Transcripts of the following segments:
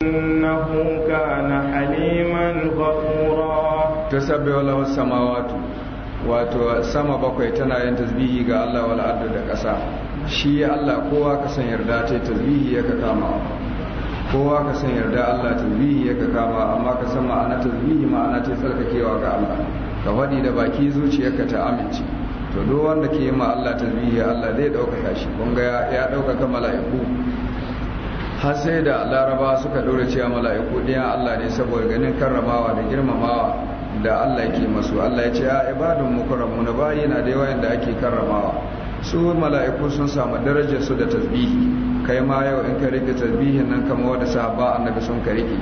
إنه كان حليما غفورا تسبح له السماوات wato sama bakwai tana yin tasbihi ga Allah wal ardu da ƙasa shi Allah kowa ka san yarda ta tasbihi ya ka kama kowa ka san yarda Allah tasbihi ya ka kama amma ka san ma'ana tasbihi ma'ana ta tsarkakewa ga Allah ka faɗi da baki zuciyarka ta amince to duk wanda ke yi ma Allah tasbihi Allah zai ɗaukaka shi kun ga ya ɗaukaka mala'iku har sai da laraba suka ɗora cewa mala'iku ɗiyan Allah ne saboda ganin karramawa da girmamawa da Allah ke masu Allah ya ce ya ibadun mukarramu na bayi na da yawa da ake karramawa su mala'iku sun samu darajar su da tasbihi kai ma yau in ka rike tasbihin nan kama wada sahaba annabi sun ka rike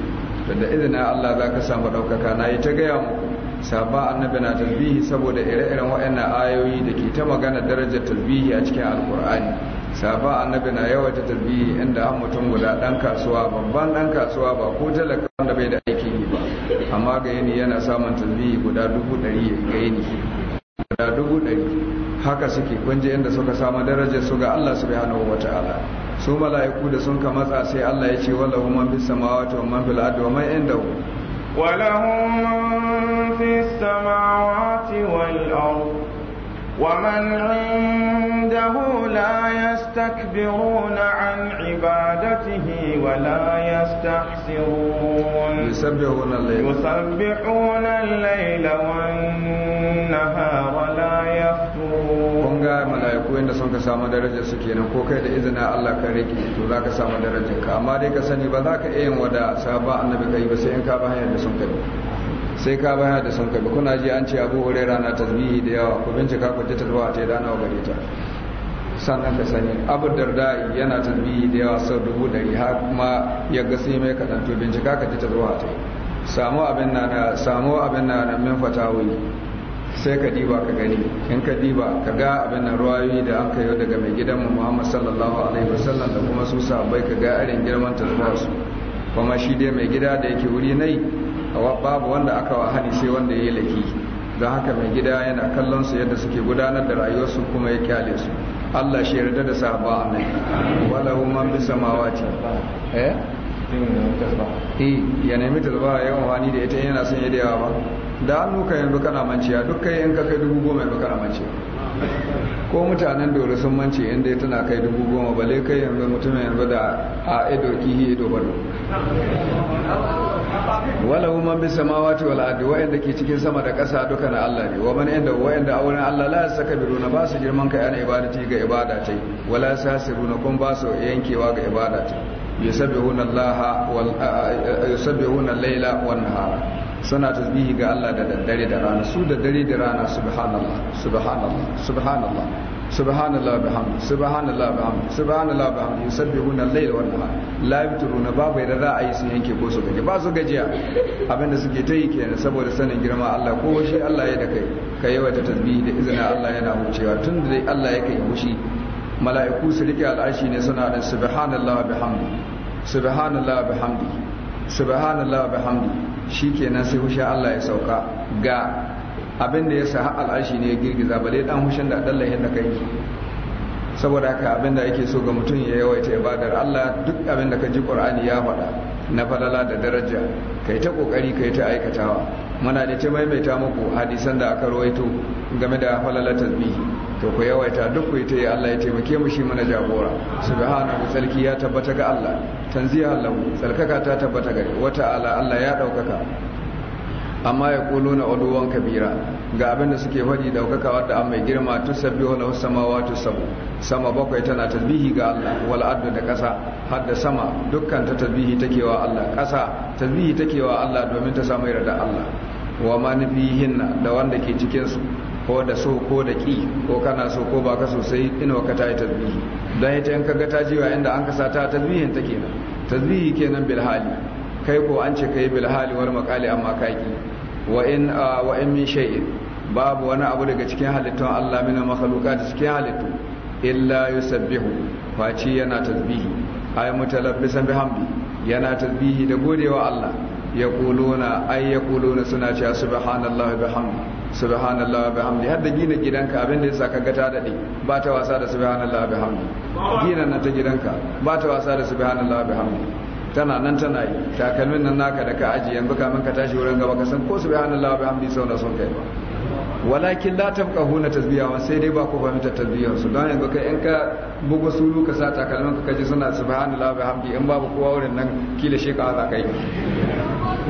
to da izinin Allah za ka samu ɗaukaka na yi ta gaya muku sahaba annabi na tasbihi saboda ire-iren waɗannan ayoyi da ke ta magana darajar tasbihi a cikin alkur'ani saba annabi na ta tarbiyi inda an mutum guda dan kasuwa babban dan kasuwa ba ko talaka wanda bai da aikin yi ba amma ga yini yana samun tarbiyi guda dubu ɗari ga yini guda dubu ɗari haka suke kunje inda suka samu darajar su ga Allah subhanahu ta'ala. su mala'iku da sun ka matsa sai Allah ya ce wallahu man bis samawati wa man fil ardi wa man indahu walahu man fis samawati wal ardi ومن عنده لا يستكبرون عن عبادته ولا يستحسرون يسبحون الليل يسبحون الليل والنهار لا يفترون kunga mala'iku inda sun ka samu darajar su kenan ko kai da izinin Allah ka rike to za ka samu darajar ka amma dai ka sani ba za ka iya yin wada sahaba annabi kai ba sai in ka ba hanyar da sun kai sai ka baya da sun kai kuna ji an ce abu rana na tasbihi da yawa ku bincika ku ji zuwa ta dana nawa gari ta sannan ka sani abu darda yana tasbihi da yawa sau dubu dari har kuma ya ga sai mai kadan to bincika ka ji zuwa ta samu abin na na samu abin na na min fatawi sai ka diba ka gani in ka diba ka ga abin na ruwayoyi da an kayo daga mai gidan mu Muhammad sallallahu alaihi wasallam da kuma su sahabbai ka ga irin girman ta zuwa su kuma shi dai mai gida da yake wuri nai babu wanda aka wa sai wanda ya yi laifi don haka mai gida yana kallon su yadda suke gudanar da rayuwarsu kuma ya kyale su Allah shi yarda da sahaba annabi wala huma bi samawati eh? eh ya nemi talba ya wani da ita yana son yadda da yawa ba da hannu ka yanzu kana manciya duk kai in ka kai dubu goma yanzu kana manciya ko mutanen dole sun mance inda tana kai dubu goma bale kai yanzu mutumin yanzu da a ido kihi ido bado wala man bis samawati wal ardi inda ke cikin sama da ƙasa duka na Allah ne wa man inda wa inda wurin Allah la yasakbiruna ba su girman kai ana ibadati ga ibada ta wala sasiruna kun ba su yankewa ga ibada ta, yusabbihuna Allah wal yusabbihuna layla laila wan nahara suna tasbihi ga Allah da daddare da rana su da dare da rana subhanallah subhanallah subhanallah hamdi subhanallahi bihamdi hamdi bihamdi subhanallahi hamdi yusabbihuna al-layla wan nahar la yabturuna babu da za a yi su yanke ko su gaji ba su gajiya abinda suke ta yi kenan saboda sanin girma Allah ko shi Allah ya da kai ka yi yawaita tasbihi da izinin Allah yana hucewa tun da dai Allah ya kai hushi mala'iku su rike al'ashi ne suna da hamdi subhanallahi bihamdi subhanallahi bihamdi subhanallahi bihamdi shikenan sai husha Allah ya sauka ga abin da ya sa al'ashi ne ya girgiza bale dan hushin da dallahin da kai saboda haka abin da ake so ga mutum ya yawaita ibadar Allah duk abin da ka ji Qur'ani ya faɗa na falala da daraja kai ta kokari kai ta aikatawa muna da ta maimaita muku hadisan da aka rawaito game da falala tasbihi to ku yawaita duk ku ta Allah ya taimake mu shi mana jagora subhanahu sarki ya tabbata ga Allah tanziya lahu tsarkaka ta tabbata ga wata ala Allah ya ɗaukaka. amma ya kulu na uluwan kabira ga abinda suke faɗi ɗaukaka wadda an mai girma tun sabbi wala sama wato sabu sama bakwai tana tasbihi ga Allah wal addu da ƙasa har da sama dukkan ta tasbihi take wa Allah ƙasa tasbihi take wa Allah domin ta samu yarda Allah wa ma hinna da wanda ke cikin su ko da so ko da ki ko kana so ko baka so sai inuwa ka ta yi tasbihi don ita in ka ga ta jiwa inda an kasa ta tasbihin ta kenan tasbihi kenan bil hali kai ko an ce kai bil hali wal makali amma kaki wa in wa in min shay'in babu wani abu daga cikin halittun Allah min makhluqat cikin halittu illa yusabbihu faci yana tasbihi ay mutalabbisan bihamdi yana tasbihi da godewa Allah yaquluna ay yaquluna suna cewa subhanallahi bihamdi subhanallahi bihamdi har da gina gidanka abin da yasa ka ga ta dade ba ta wasa da subhanallahi bihamdi gina na ta gidanka ba ta wasa da subhanallahi bihamdi tana nan tana yi takalmin nan naka da ka aji yanzu mun ka tashi wurin gaba ka san ko subhanallahi wa bihamdihi sau son kai ba walakin la tafqahuna wa sai dai ba ku fahimta tasbihan su don yanzu kai in ka bugu sulu ka sa takalmin ka kaji suna subhanallahi wa bihamdihi in babu kowa wurin nan kila shi ka za kai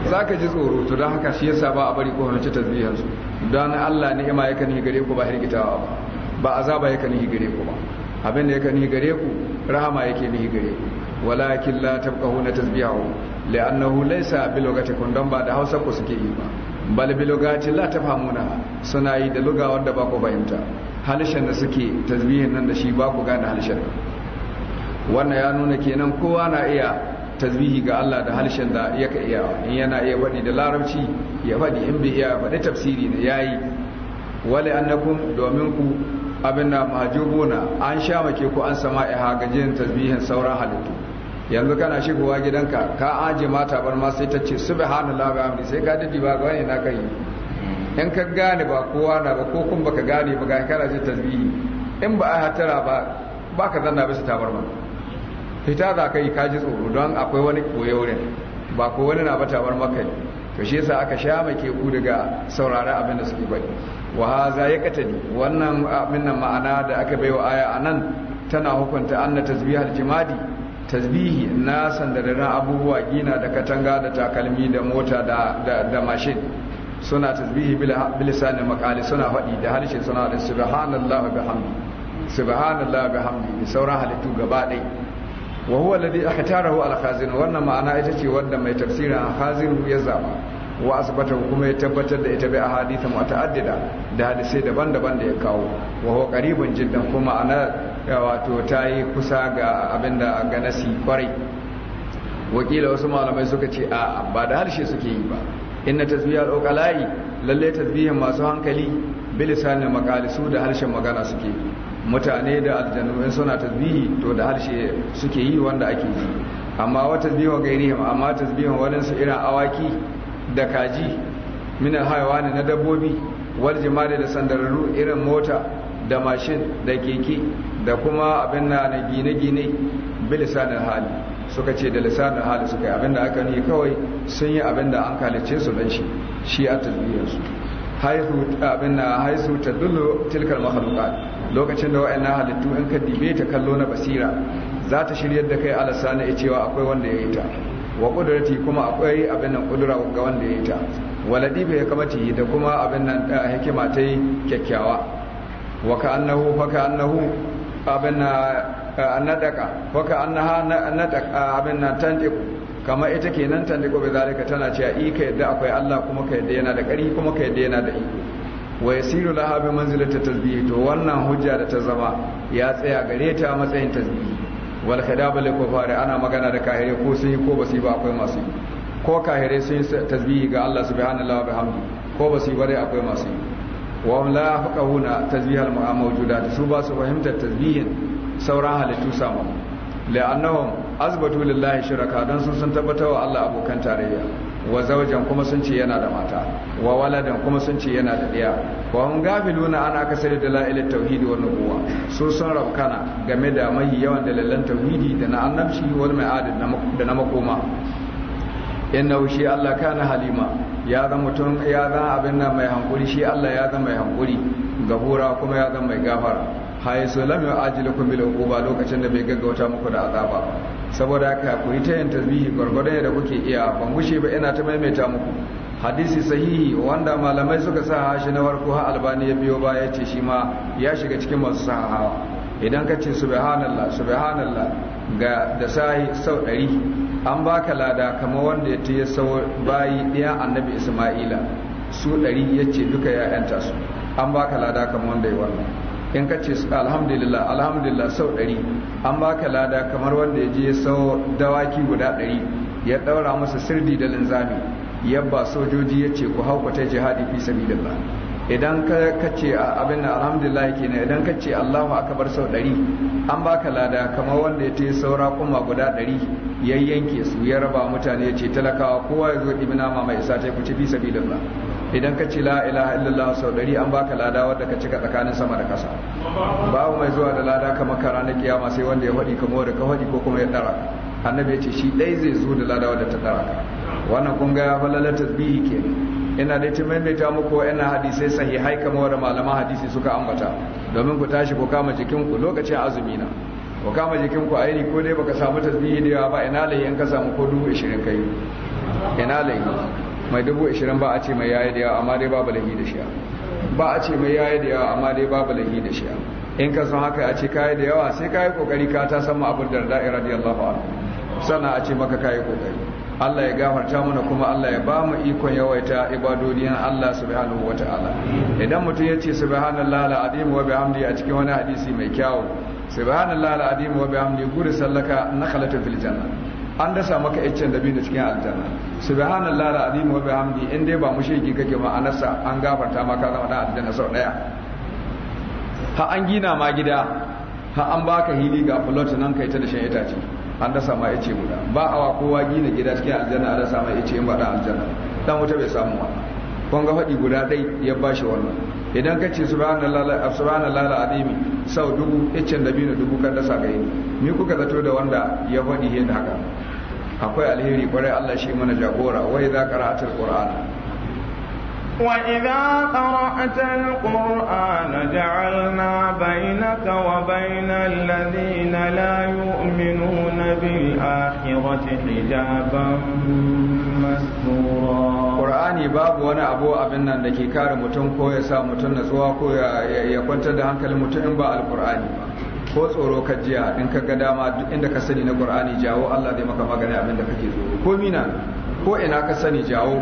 za ka ji tsoro to dan haka shi yasa ba a bari ku fahimci tasbihan su don Allah ni'ima yake yi gare ku ba hirgitawa ba ba azaba yake yi gare ku ba abin da yake yi gare ku rahama yake yi gare ku walakin la tabqahuna tasbihu li'annahu laysa bi lugatikum dan ba da Hausa ku suke yi ba bal bi lugati la tafhamuna suna yi da luga wanda ba ku fahimta halishan da suke tasbihin nan da shi ba ku gane halishan wannan ya nuna kenan kowa na iya tasbihi ga Allah da halishan da yake iya in yana iya fadi da larabci ya fadi in bai iya fadi tafsiri ne yayi wale annakum domin ku abin da an sha make ku an sama'iha gajiyar tasbihin sauran halittu yanzu kana shigowa gidanka ka aje mata bar ma sai ta ce subhanallahi wa hamdi sai ka dadi ba gane na kai in ka gane ba kowa na ba ko kun baka gane ba ga kana ji tasbihi in ba a hatara ba baka zanna bisa tabarma fita za ka yi kaji tsoro don akwai wani koye wurin ba ko wani na ba tabarma kai to shi yasa aka sha mai ku daga saurare abin da suke bai wa haza ya katani wannan abin nan ma'ana da aka baiwa aya anan tana hukunta annata tasbihal jimadi tasbihi na sandararin abubuwa gina da katanga da takalmi da mota da mashin suna tasbihi bilisanin makali suna faɗi da harshe suna da subhanallah wa bihamdi subhanallah wa bihamdi da sauran halittu gaba ɗai wa huwa alladhi akhtarahu al-khazin wannan ma'ana ita ce wanda mai tafsirin khazin ya zaba wa asbata kuma ya tabbatar da ita bi ahadith mutaaddida da hadisai daban-daban da ya kawo wa huwa qaribun jiddan kuma ana wato ta yi kusa ga abin da ga nasi kwarai wakila wasu malamai suka ce a ba da harshe suke yi ba inna tasbiya uqalai lalle tasbihin masu hankali bilisan da makalisu da harshen magana suke yi mutane da aljanu in suna tasbihi to da harshe suke yi wanda ake yi amma wa tasbihu gairihim amma tasbihun wani su irin awaki da kaji min ne na dabbobi wal jima'i da sandararru irin mota da mashin da keke da kuma abin na na gine-gine bilisanin hali suka ce da lisanin hali suka yi abin da aka ne kawai sun yi abin da an kalice su don shi shi a tasbiyarsu abin na haisu ta dullo tilkar mahaluka lokacin da na halittu in ka dibe ta kallo na basira za ta shirya da kai alasa na cewa akwai wanda ya yi ta wa kudurati kuma akwai abin nan kudura ga wanda ya yi ta waladi bai yi da kuma abin nan eh, hikima ta yi kyakkyawa wa ka annahu fa ka annahu abin na eh, nadaka waka annaha nadaka eh, abin na tantiku kama ita kenan tantiku bai zalika tana cewa i ka yadda akwai Allah kuma ka yadda yana da ƙari kuma ka yadda yana da iko wa yasiru laha bi manzilati tasbih to wannan hujja da ta zama ya tsaya gare ta matsayin tasbih wal khidab lil kufari ana magana da kahire ko sun yi ko ba su yi ba akwai masu yi ko kahire sun yi tasbihi ga Allah subhanahu wa ta'ala ko ba su yi bare akwai masu yi wa hum la yafqahuna tasbih al da su ba su fahimtar tasbihin sauran halittu samu la'annahum azbatu lillahi shuraka dan sun san tabbatar wa Allah abokan tarayya wa zawjan kuma sun ce yana da mata wa waladan kuma sun ce yana da ɗaya wa hum gafiluna an akasari da la'ilat tauhidi wa nubuwa su sun rabkana game da mai yawan dalilan tauhidi da na annabci wal ma'adin da na makoma inna shi Allah kana halima ya zama mutum ya zama abin nan mai hankuri shi Allah ya zama mai hankuri gabura kuma ya zama mai gafara so lam yu'ajilukum bil uquba lokacin da bai gaggauta muku da azaba saboda haka ku yi ta yin tasbihi gurgurdan da kuke iya ban gushe ba ina ta maimaita muku hadisi sahihi wanda malamai suka sa hashi na farko ha albani ya biyo ba ya ce shi ma ya shiga cikin masu sahawa idan ka ce subhanallah subhanallah ga da sahi sau ɗari an baka lada kama wanda ya taya sau bayi ɗaya annabi isma'ila su ɗari ya ce duka ya yanta su an baka lada kama wanda ya wannan in ka ce alhamdulillah alhamdulillah sau ɗari an baka lada kamar wanda ya je ya sau dawaki guda ɗari ya ɗaura masa sirdi da linzami yabba sojoji ya ce ku hauka ta jihadi fi da ba idan ka ce abin da alhamdulillah kenan idan ka ce Allahu bar sau ɗari an baka lada kamar wanda ya ce saura kuma guda ɗari ya yanke su ya raba mutane ya ce talakawa kowa ya zo ibina ma mai isa ta kuce fi lalla idan ka ce la ilaha illallah sau ɗari an baka lada wadda ka cika tsakanin sama da kasa babu mai zuwa da lada kamar kara na kiyama sai wanda ya faɗi kamar wadda ka faɗi ko kuma ya ɗara annabi ya ce shi ɗai zai zo da lada wadda ta ɗara ka wannan kun ga ya tasbihi kenan ina da ta maimaita muku ina hadisai sahihai kamar wanda malaman hadisi suka ambata domin ku tashi ku kama jikin ku lokacin azumi na ku kama jikin ku aini ko dai baka samu tasbihi da yawa ba ina lai in ka samu ko dubu 20 kai ina lai mai dubu 20 ba a ce mai yayi da yawa amma dai babu lahi da shi ba a ce mai yayi da yawa amma dai babu lahi da shi in ka san haka a ce kai da yawa sai kai kokari ka ta san mu da da'ira radiyallahu anhu sannan a ce maka kai kokari Allah ya gafarta mana kuma Allah ya ba mu ikon yawaita ibadodiyan Allah subhanahu ta'ala idan mutum ya ce subhanallahi alazim wa bihamdi a cikin wani hadisi mai kyawu subhanallahi alazim wa bihamdi guri sallaka na khalatu fil janna an dasa maka iccen dabi na cikin aljanna subhanallahi alazim wa bihamdi in dai ba mushriki kake ma anasa an gafarta maka zama dan aljanna sau daya ha an gina ma gida ha an baka hili ga fulot nan kai ta da shan itace an dasa ma ce guda ba a wa kowa gina gida cikin aljanna an dasa ma ce baɗa aljanna dan wuta bai samu ba kun ga faɗi guda ɗai ya ba shi wannan idan ka ce subhanallah azimi sau dubu iccen da biyu dubu kan dasa ga yini ni kuka zato da wanda ya faɗi yin haka akwai alheri kwarai Allah shi mana jagora wai za ka ra'atar qur'ana وإذا قرأت القرآن جعلنا بينك وبين الذين لا يؤمنون بالآخرة حجابا مستورا Qur'ani babu wani abu abin nan da ke kare mutum ko ya sa mutum natsuwa ko ya kwantar da hankalin mutum in ba alƙur'ani ko tsoro ka jiya in ka ga dama duk inda ka sani na Qur'ani jawo Allah zai maka magana abin da kake tsoro ko mina ko ina ka sani jawo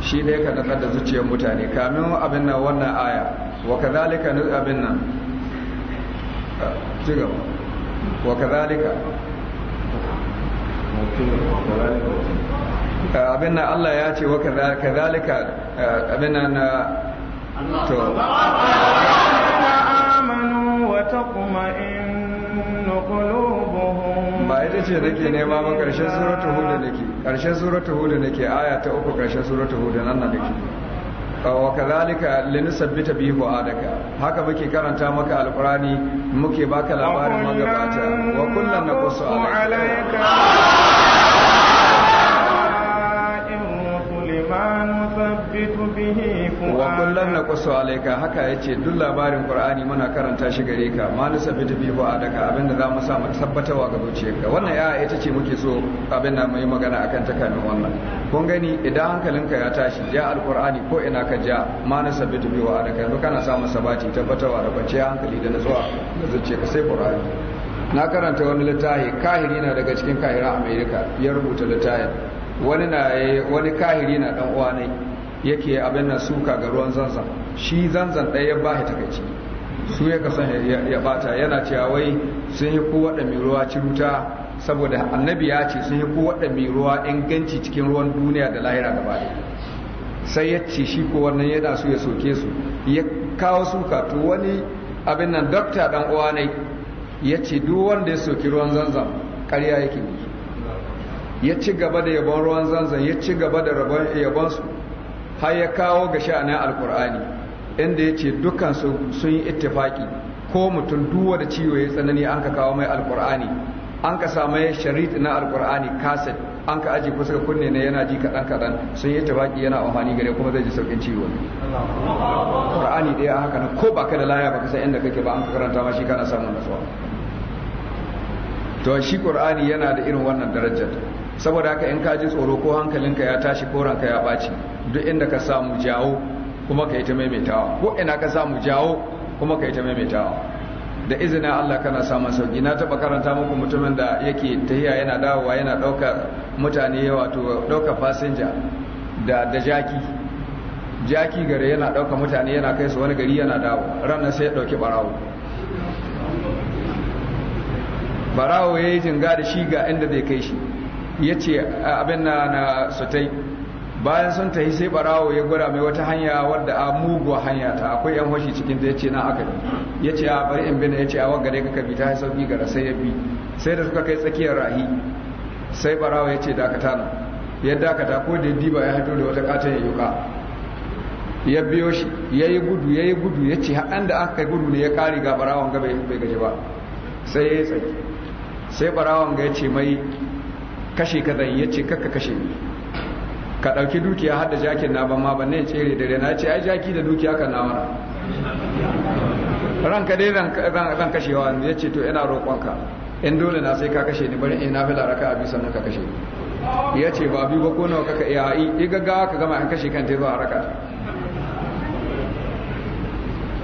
shi ne ka natsar da zuciyar mutane kamin abin nan wannan aya wa kazalika abin nan ci gaba wa kazalika eh, abin nan Allah ya ce wa kazalika eh, abin nan eh, to amanu wa taqma'innu qulub ita ce nake nema ba karshen suratul hud nake karshen suratul hud nake aya ta uku karshen suratul hud nan nan nake wa kadhalika linusabbita bihi fuadaka haka muke karanta maka alqurani muke baka labarin magabata wa kullan naqsu alayka نثبت به فؤادك وكلا نقص alayka haka yace duk labarin Qur'ani muna karanta shi gare ka ma nusabbita bi fu'adaka abinda za mu samu tabbatawa ga zuciyarka wannan ya ita ce muke so abin da mai magana akan ta kamin wannan kun gani idan hankalinka ya tashi ja alqur'ani ko ina ka ja ma nusabbita bi fu'adaka yanzu kana samu sabati tabbatawa da kwanciya hankali da nutsuwa da zuciyarka sai Qur'ani na karanta wani littafi kahiri na daga cikin kahiran America ya rubuta littafin wani na eh, wani kahiri na dan uwa ne yake abin nan suka ga ruwan zanzan shi zanzan ɗaya ya ba takaici su ya kasan ya bata yana cewa wai sun yi kowa da mai ruwa ciruta saboda annabi ya ce sun yi kowa da mai ruwa inganci cikin ruwan duniya da lahira gaba sai ya ce shi ko wannan yana so ya soke su ya kawo suka to wani abin nan dokta dan uwa ne ya ce duk wanda ya soki ruwan zanzan ƙarya yake ya ci gaba da yabon ruwan zanzan ya ci gaba da yabon su har ya kawo ga sha'anin alkur'ani inda ya ce dukkan sun yi ittifaki ko mutum duwa da ciwo ya tsanani an ka kawo mai alkur'ani an ka samu sharit na alkur'ani kaset an ka aji kusa kunne ne yana ji kaɗan kaɗan sun yi ittifaki yana amfani gare kuma zai ji saukin ciwo qur'ani ɗaya a haka ko ba ka da laya inda kake ba an ka karanta ma shi kana samun nutsuwa to shi qur'ani yana da irin wannan darajar saboda haka in ka ji tsoro ko hankalinka ya tashi ko ranka ya baci duk inda ka samu jawo kuma ka yi ta maimaitawa ko ina ka samu jawo kuma ka yi ta maimaitawa da izinin Allah kana samun sauki na taba karanta muku mutumin da yake tahiya yana dawowa yana ɗaukar mutane wato ɗaukar fasinja da da jaki jaki gare yana ɗaukar mutane yana kai su wani gari yana dawo ranar sai ya ɗauki Barawo barawo ya yi jinga da shi ga inda zai kai shi ya ce abin na na sotai bayan sun tafi sai barawo ya gwada mai wata hanya wadda a muguwa hanya ta akwai yan hoshi cikin ya ce na aka yi ya ce a bari in bina ya ce a wangare kaka kabi ta bi gara sai ya bi sai da suka kai tsakiyar rahi sai barawo ya ce dakata na ya dakata ko da diba ya hato da wata katon ya yuka ya biyo shi ya yi gudu ya yi gudu ya ce haɗan da aka kai gudu ne ya kari ga barawon gaba bai gaji ba sai ya yi tsaki sai barawon ga ya ce mai kashe ka zai yace kakka kashe ni ka ɗauki dukiya har da jakin na ban ma ban ne tsere dare na ce ai jaki da dukiya ka na wara ranka dai ran kashewa ne yace to ina roƙonka in dole na sai ka kashe ni bari in na raka a a bisan ka kashe ni yace ba bi ba ko nawa kaka iya yi gaga ka gama an kashe kan tezo a raka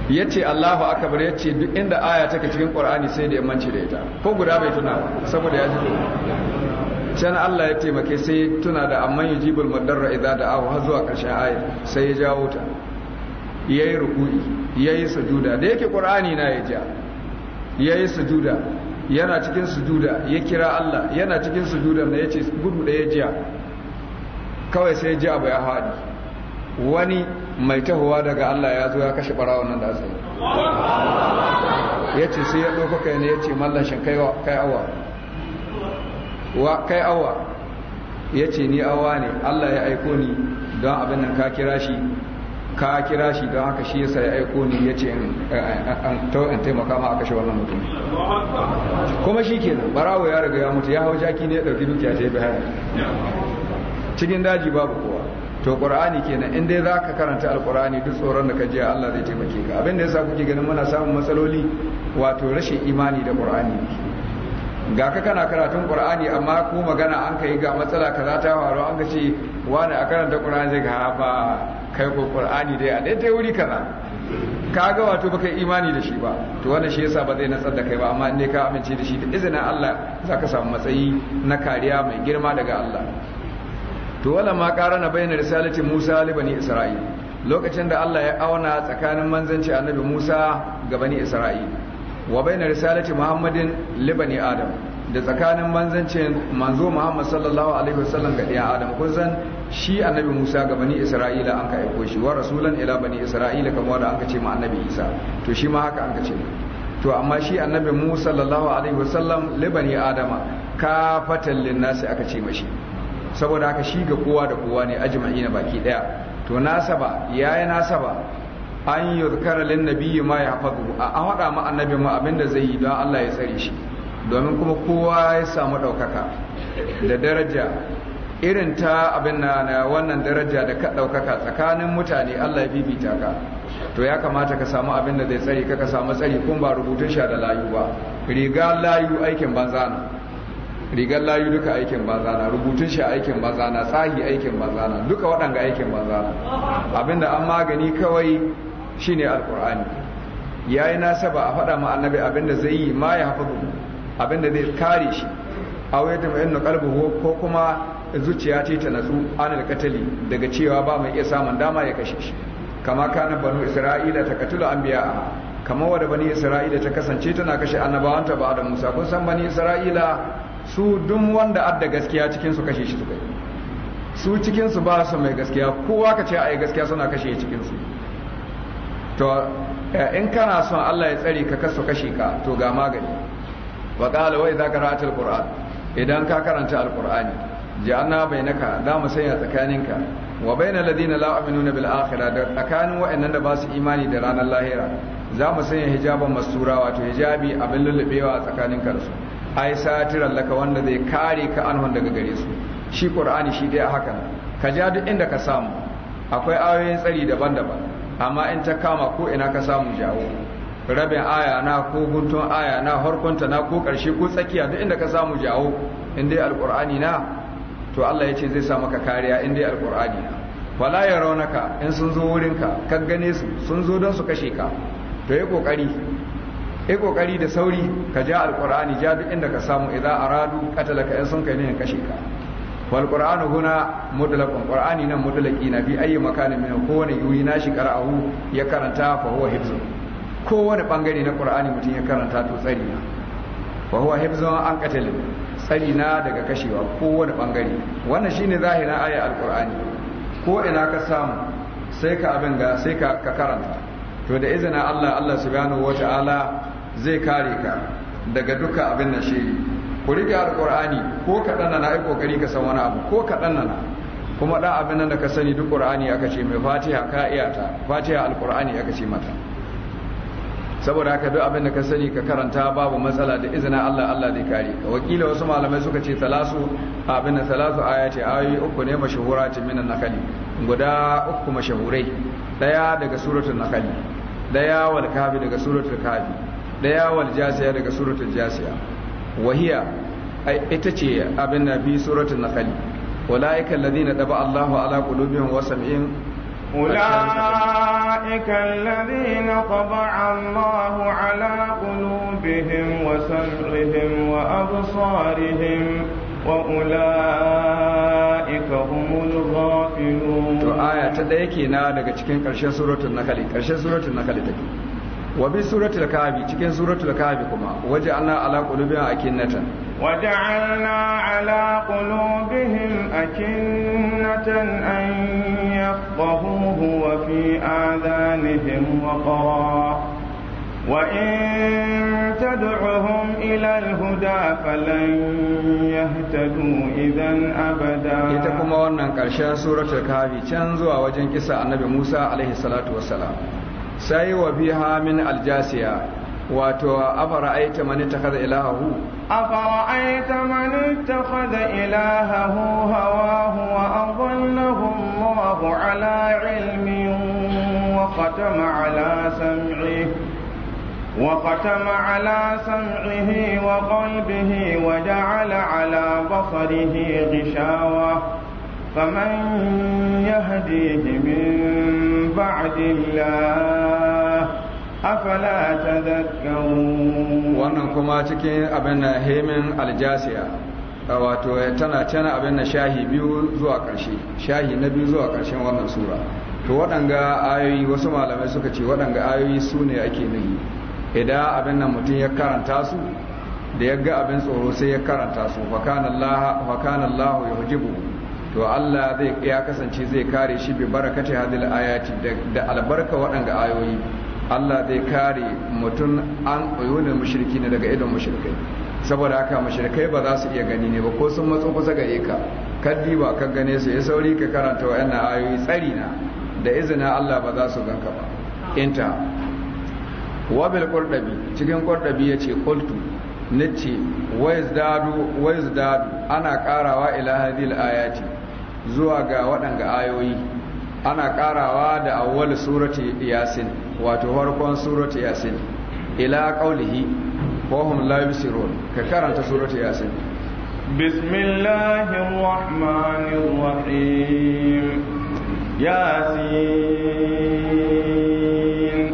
yace allahu akabar ya ce duk inda aya take cikin Qur'ani sai da yammanci da ita ko guda bai tuna saboda ya ji can Allah ya taimake sai tuna da amman yujibul idan da awa har zuwa ƙarshen ayat sai ya jawo ta yayi ya yi sujuda da yake ƙur'ani na ya ja ya yi sujuda yana cikin sujuda ya kira Allah yana cikin sujuda na ce gudu da ya jiya kawai sai jiya bai ya haɗi wani mai tahowa daga Allah ya zo ya kashe ɓarawon nan da tsaye ya ce sai ya ɗauka ne ya ce mallashin kai awa wa kai awa ya ce ni awa ne Allah ya aiko ni don abin nan ka kira shi ka kira shi don haka shi yasa ya aiko ni ya ce in taimaka ma a kashe wannan mutum kuma shi kenan barawo ya riga ya mutu ya hau jaki ne ya ɗauki dukiya ta yi cikin daji babu kowa to qur'ani kenan in dai zaka karanta alqur'ani duk tsoron da ka ji Allah zai taimake ka abin da yasa kuke ganin muna samun matsaloli wato rashin imani da qur'ani ga ka kana karatun qur'ani amma ko magana an kai ga matsala kaza ta faru an ga ce wani a karanta qur'ani zai ga ba kai ko qur'ani dai a dai ta wuri kaza kaga wato baka imani da shi ba to wannan shi yasa ba zai natsar da kai ba amma in ka amince da shi da izinin Allah za ka samu matsayi na kariya mai girma daga Allah to wala ma ƙara na bayyana risalati Musa li bani Isra'il lokacin da Allah ya auna tsakanin manzanci annabi Musa ga bani Isra'il wa bayna risalati muhammadin li bani adam da tsakanin manzancin manzo muhammad sallallahu alaihi wasallam ga ɗaya adam kun san shi annabi musa ga bani isra'ila an ka aiko shi wa rasulan ila bani isra'ila kamar wanda an ka ce ma annabi isa to shi ma haka an ka ce to amma shi annabi musa sallallahu alaihi wasallam li bani adama lin linnasi aka ce mashi saboda haka shi ga kowa da kowa ne ajma'ina baki daya to nasaba yayi nasaba an yuzkara lin nabiyyi ma faɗu a haɗa ma annabi ma da zai yi don Allah ya tsare shi domin kuma kowa ya samu ɗaukaka. da daraja irin ta abin na wannan daraja da ka ɗaukaka tsakanin mutane Allah ya bibita ka to ya kamata ka samu abin da zai tsare ka ka samu tsari kun ba rubutun sha da layu ba riga layu aikin banza na rigar layu duka aikin bazana rubutun shi aikin na, tsahi aikin na, duka waɗanga aikin Abin da an magani kawai Shi ne Alƙur'ani ya yi nasaba a faɗa ma annabi abinda zai yi ma ya hafazu abinda zai kare shi aw ya tamayyanna qalbuhu ko kuma zuciya ce ta natsu anil qatali daga cewa ba mai iya samun dama ya kashe shi kama kanin banu isra'ila taqatulu anbiya'a kamar wadda bani isra'ila ta kasance tana kashe annabawanta ba da musa kun san bani isra'ila su duk wanda adda gaskiya cikin su kashe shi suka su cikin su ba su mai gaskiya kowa ka ce a yi gaskiya suna kashe cikin su to in kana son Allah ya tsare ka kasu kashi ka to ga magani wa qala wa idza qara'atil qur'an idan ka karanta alqur'ani jana bainaka da mu sanya tsakaninka wa bainal ladina la aminuna bil akhirah da tsakanin wa'annan da ba su imani da ranar lahira za mu sanya hijaban masura wato hijabi abin lullubewa tsakanin kansu ai satiran laka wanda zai kare ka anhon daga gare su shi qur'ani shi dai haka ka ja duk inda ka samu akwai ayoyin tsari daban-daban amma in ta kama ko ina ka samu jawo rabin aya na ko guntun aya na harkonta na ko karshe ko tsakiya duk inda ka samu jawo in dai alqur'ani na to Allah ya ce zai sa maka kariya in dai alqur'ani na wala ya raunaka in sun zo wurinka kan gane su sun zo don su kashe ka to yi kokari yi kokari da sauri ka ja alqur'ani ja duk inda ka samu idza aradu qatalaka in sun kai ne kashe ka wal qur'anu huna mutlaqun qur'ani nan mutlaqi na bi ayi makanin min kowane yuri na shi qara'ahu ya karanta fa huwa hifzun kowane bangare na qur'ani mutum ya karanta to tsari na fa huwa hifzun an qatala tsari na daga kashewa kowane bangare wannan shine zahirin ayat alqur'ani ko ina ka samu sai ka abin ga sai ka karanta to da izinin Allah Allah subhanahu wataala zai kare ka daga duka abin da shi ku rike Alƙur'ani ko kaɗan na ai kokari ka san wani abu ko kaɗan na kuma ɗan abin nan da ka sani duk qur'ani aka ce mai fatiha ka iyata fatiha alƙur'ani aka ce mata saboda haka duk abin da ka sani ka karanta babu matsala da izinin Allah Allah zai kare ka wakila wasu malamai suka ce talasu abin da talasu ayati ayoyi uku ne mashahurati minan nakali guda uku mashahurai daya daga suratul nakali daya wal kafi daga suratul kafi daya wal jasiya daga suratul jasiya wahiya ita ce abin na kali suratul nakhal ulaika alladhina taba Allahu ala qulubihim wa sam'in ulaika alladhina taba Allahu ala qulubihim wa abu sam'ihim wa absarihim wa ulaika humul ghafilun to aya ta daya na daga cikin karshen suratul nakhal karshen suratul nakhal take wa bi suratul kahfi cikin suratul kahfi kuma waje Allah ala qulubihim akinnatan waja'alna ala qulubihim akinnatan an yafqahuhu wa fi adhanihim waqara wa in tad'uhum ila al-huda falan yahtadu idan abada ita kuma wannan karshen suratul kahfi can zuwa wajen kisa annabi Musa alaihi salatu wassalam sai wa biha min aljasiya wato afara aita mani ta kada ilahahu afara aita mani ta kada ilahahu hawahu wa adallahu ala ilmin wa qatama ala sam'ihi وختم على سمعه وقلبه وجعل على بصره فمن يهديه من بعد الله afala tadhakkarun wannan kuma cikin abin na hemin aljasiya wato tana tana abin na shahi biyu zuwa ƙarshe shahi na biyu zuwa ƙarshen wannan sura to waɗanga ayoyi wasu malamai suka ce waɗanga ayoyi su ne ake nuhi idan abin nan mutum ya karanta su da ya ga abin tsoro sai ya karanta su fakanan lahu ya hujibu to Allah zai ya kasance zai kare shi bi barakati hadil ayati da albarka waɗanga ayoyi Allah zai kare mutum an uyunin mashirki ne daga idon mashirkai saboda haka mashirkai ba za su iya gani ne ba ko sun matso kusa gare ka kaddi ba ka gane su ya sauri ka karanta wa'annan ayoyi tsari na da izinin Allah ba za su ganka ba inta wabil qurdabi cikin qurdabi yace qultu nace wayazdadu wayazdadu ana karawa ila ayati zuwa ga waɗanga ayoyi ana karawa da awwal surati yasin wato farkon suratu yasin ila qaulihi wa hum la yusirun ka karanta suratu yasin bismillahir rahmanir rahim yasin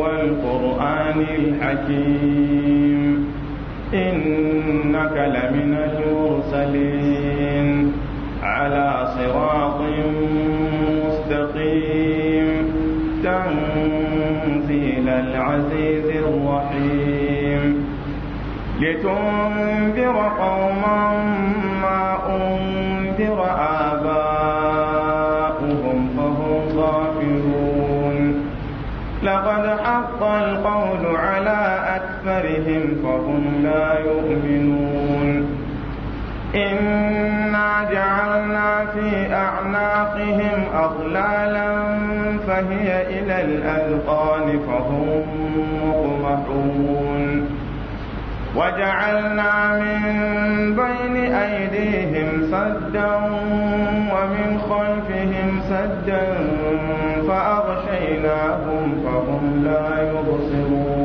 wal qur'anil hakim innaka laminal mursalin ala siratin العزيز الرحيم لتنذر قوما ما أنذر آباؤهم فهم غافلون لقد حق القول على أكثرهم فهم لا يؤمنون إنا جعلنا في أعناقهم أغلالا فهي إلى الأذقان فهم مقمحون وجعلنا من بين أيديهم سدا ومن خلفهم سدا فأغشيناهم فهم لا يبصرون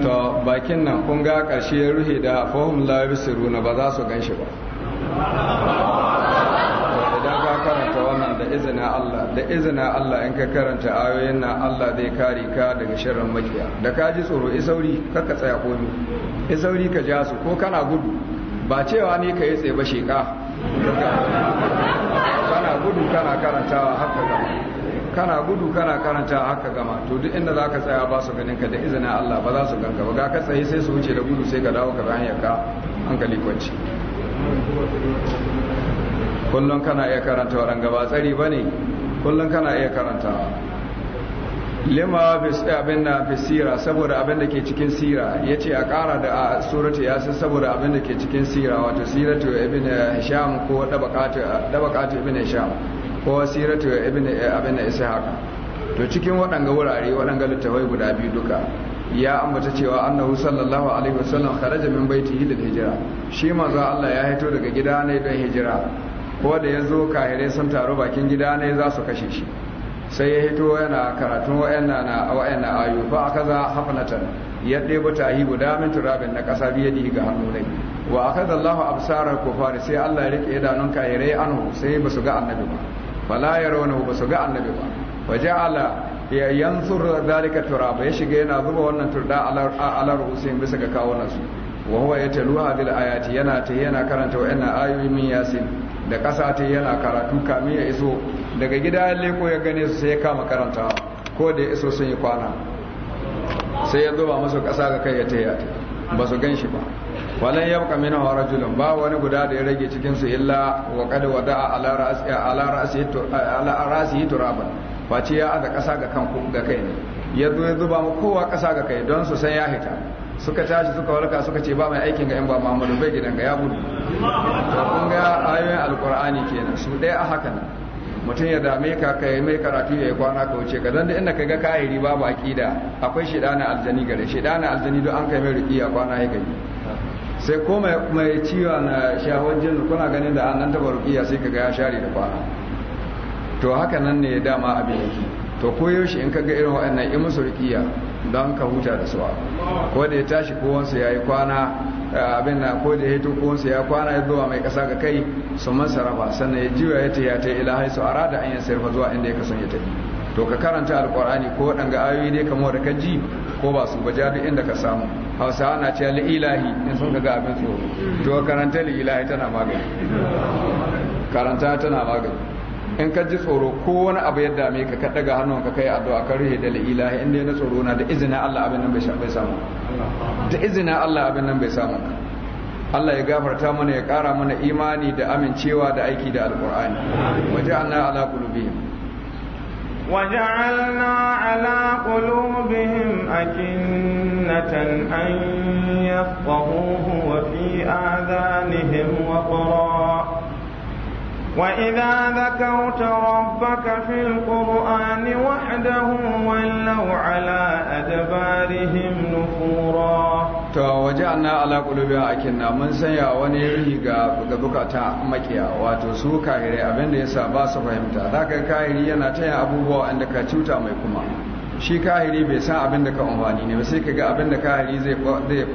to bakin nan kun ga ƙarshe ya ruhe da fahim izina Allah da izina Allah in ka karanta ayoyin na Allah zai kare ka daga shirin makiya da ka ji tsoro isauri ka ka tsaya komi isauri ka ja su ko kana gudu ba cewa ne ka yi tsaye ba sheka kana gudu kana karantawa haka gama kana gudu kana karantawa haka gama to duk inda za ka tsaya ba su ganin ka da izina Allah ba za su ganka ba ga ka tsaye sai su wuce da gudu sai ka dawo ka hanyar ka hankali kwanci kullum kana iya karanta waɗanda ba tsari ba ne kullum kana iya karanta lima abin na fi sira saboda abin da ke cikin sira ya ce a ƙara da a ya yasin saboda abin da ke cikin sira wato siratu ibn hisham ko dabaqatu ibn hisham ko siratu ibn abin da haka to cikin waɗanga wurare waɗanga littafai guda biyu duka ya ambata cewa annahu sallallahu alaihi wasallam kharaja min baitihi lil hijra shi manzo Allah ya hito daga gida ne don hijira wanda da ya zo kahirai sun taru bakin gida ne za su kashe shi sai ya hito yana karatun wa'yan na wa'anna ayu fa akaza hafnatan ya ɗebo tahi guda min turabin na ƙasa biye da ga hannu ne wa akaza Allahu absarar kufar sai Allah ya rike idanun kahirai anhu sai ba su ga annabi ba fala yarawnahu ba su ga annabi ba wa ja'ala ya yansur dalika turaba ya shiga yana zuba wannan turda ala rusin bisa ga kawo nasu wa huwa yatalu hadil ayati yana ta yana karanta wa'anna ayoyi min yasin da ƙasa ta yana karatu kamin ya iso daga gida ya leko ya gane su sai ya kama karanta ko da ya iso sun yi kwana sai ya zuba masu ƙasa ga kai ya taya ba su gan shi ba walan mina min rajulun ba wani guda da ya rage cikin su illa wa qad wada'a ala a ala ra'si ala ra'si turaban face ya aka ƙasa ga kan ga kai ne ya zo ya zuba kowa ƙasa ga kai don su san ya hita suka tashi suka warka suka ce ba mai aikin ga yan ba Muhammadu bai gidan ga ya gudu to kun ga ayoyin alqur'ani kenan su dai a haka nan mutum ya dame ka kai mai karatu ya yi kwana ka wuce ka zanda inda kai ga kayiri babu aqida akwai shedana aljani gare shedana aljani don an kai mai ruqiya kwana ya gani sai ko mai ciwa na shahon jin kuna ganin da an taba ruqiya sai kaga ya share da kwana to haka nan ne dama abin yake to koyaushe in kaga irin waɗannan in musu ruqiya don ka huta da suwa ko da ya tashi kowansu ya yi kwana eh, abin na ko da ya hito kowansu ya kwana ya zuwa mai kasa ga kai su man sarrafa sannan ya jiwa ya ta yata ila haisu a rada an yin sarrafa zuwa inda ya kasan ya ta to ka karanta alkur'ani ko ga ayoyi ne kamar da ka ji ko ba su ba duk inda ka samu hausa ana ce li'ilahi in sun ga abin tsoro to karanta li'ilahi tana magani karanta tana magani in ka ji tsoro ko wani abu ya dame ka ka daga hannun ka kai addu'a ka rihe da Ilahi, in inda na tsoro na da izina Allah abin nan bai samu da izina Allah abin nan bai samu Allah ya gafarta mana ya kara mana imani da amincewa da aiki da alqur'ani waja'alna ala qulubihim وجعلنا على قلوبهم أكنة أن يفقهوه وفي آذانهم وقرا وإذا ذكرت ربك في القرآن وحده ولوا على أدبارهم نفورا to waja'alna ala qulubi akinna mun sanya wani rihi ga ga bukata makiya wato su kahirai abinda yasa ba su fahimta zaka kahiri yana taya abubuwa wanda ka cuta mai kuma shi kahiri bai san abin da ka amfani ne ba sai ka abin da kahiri zai zai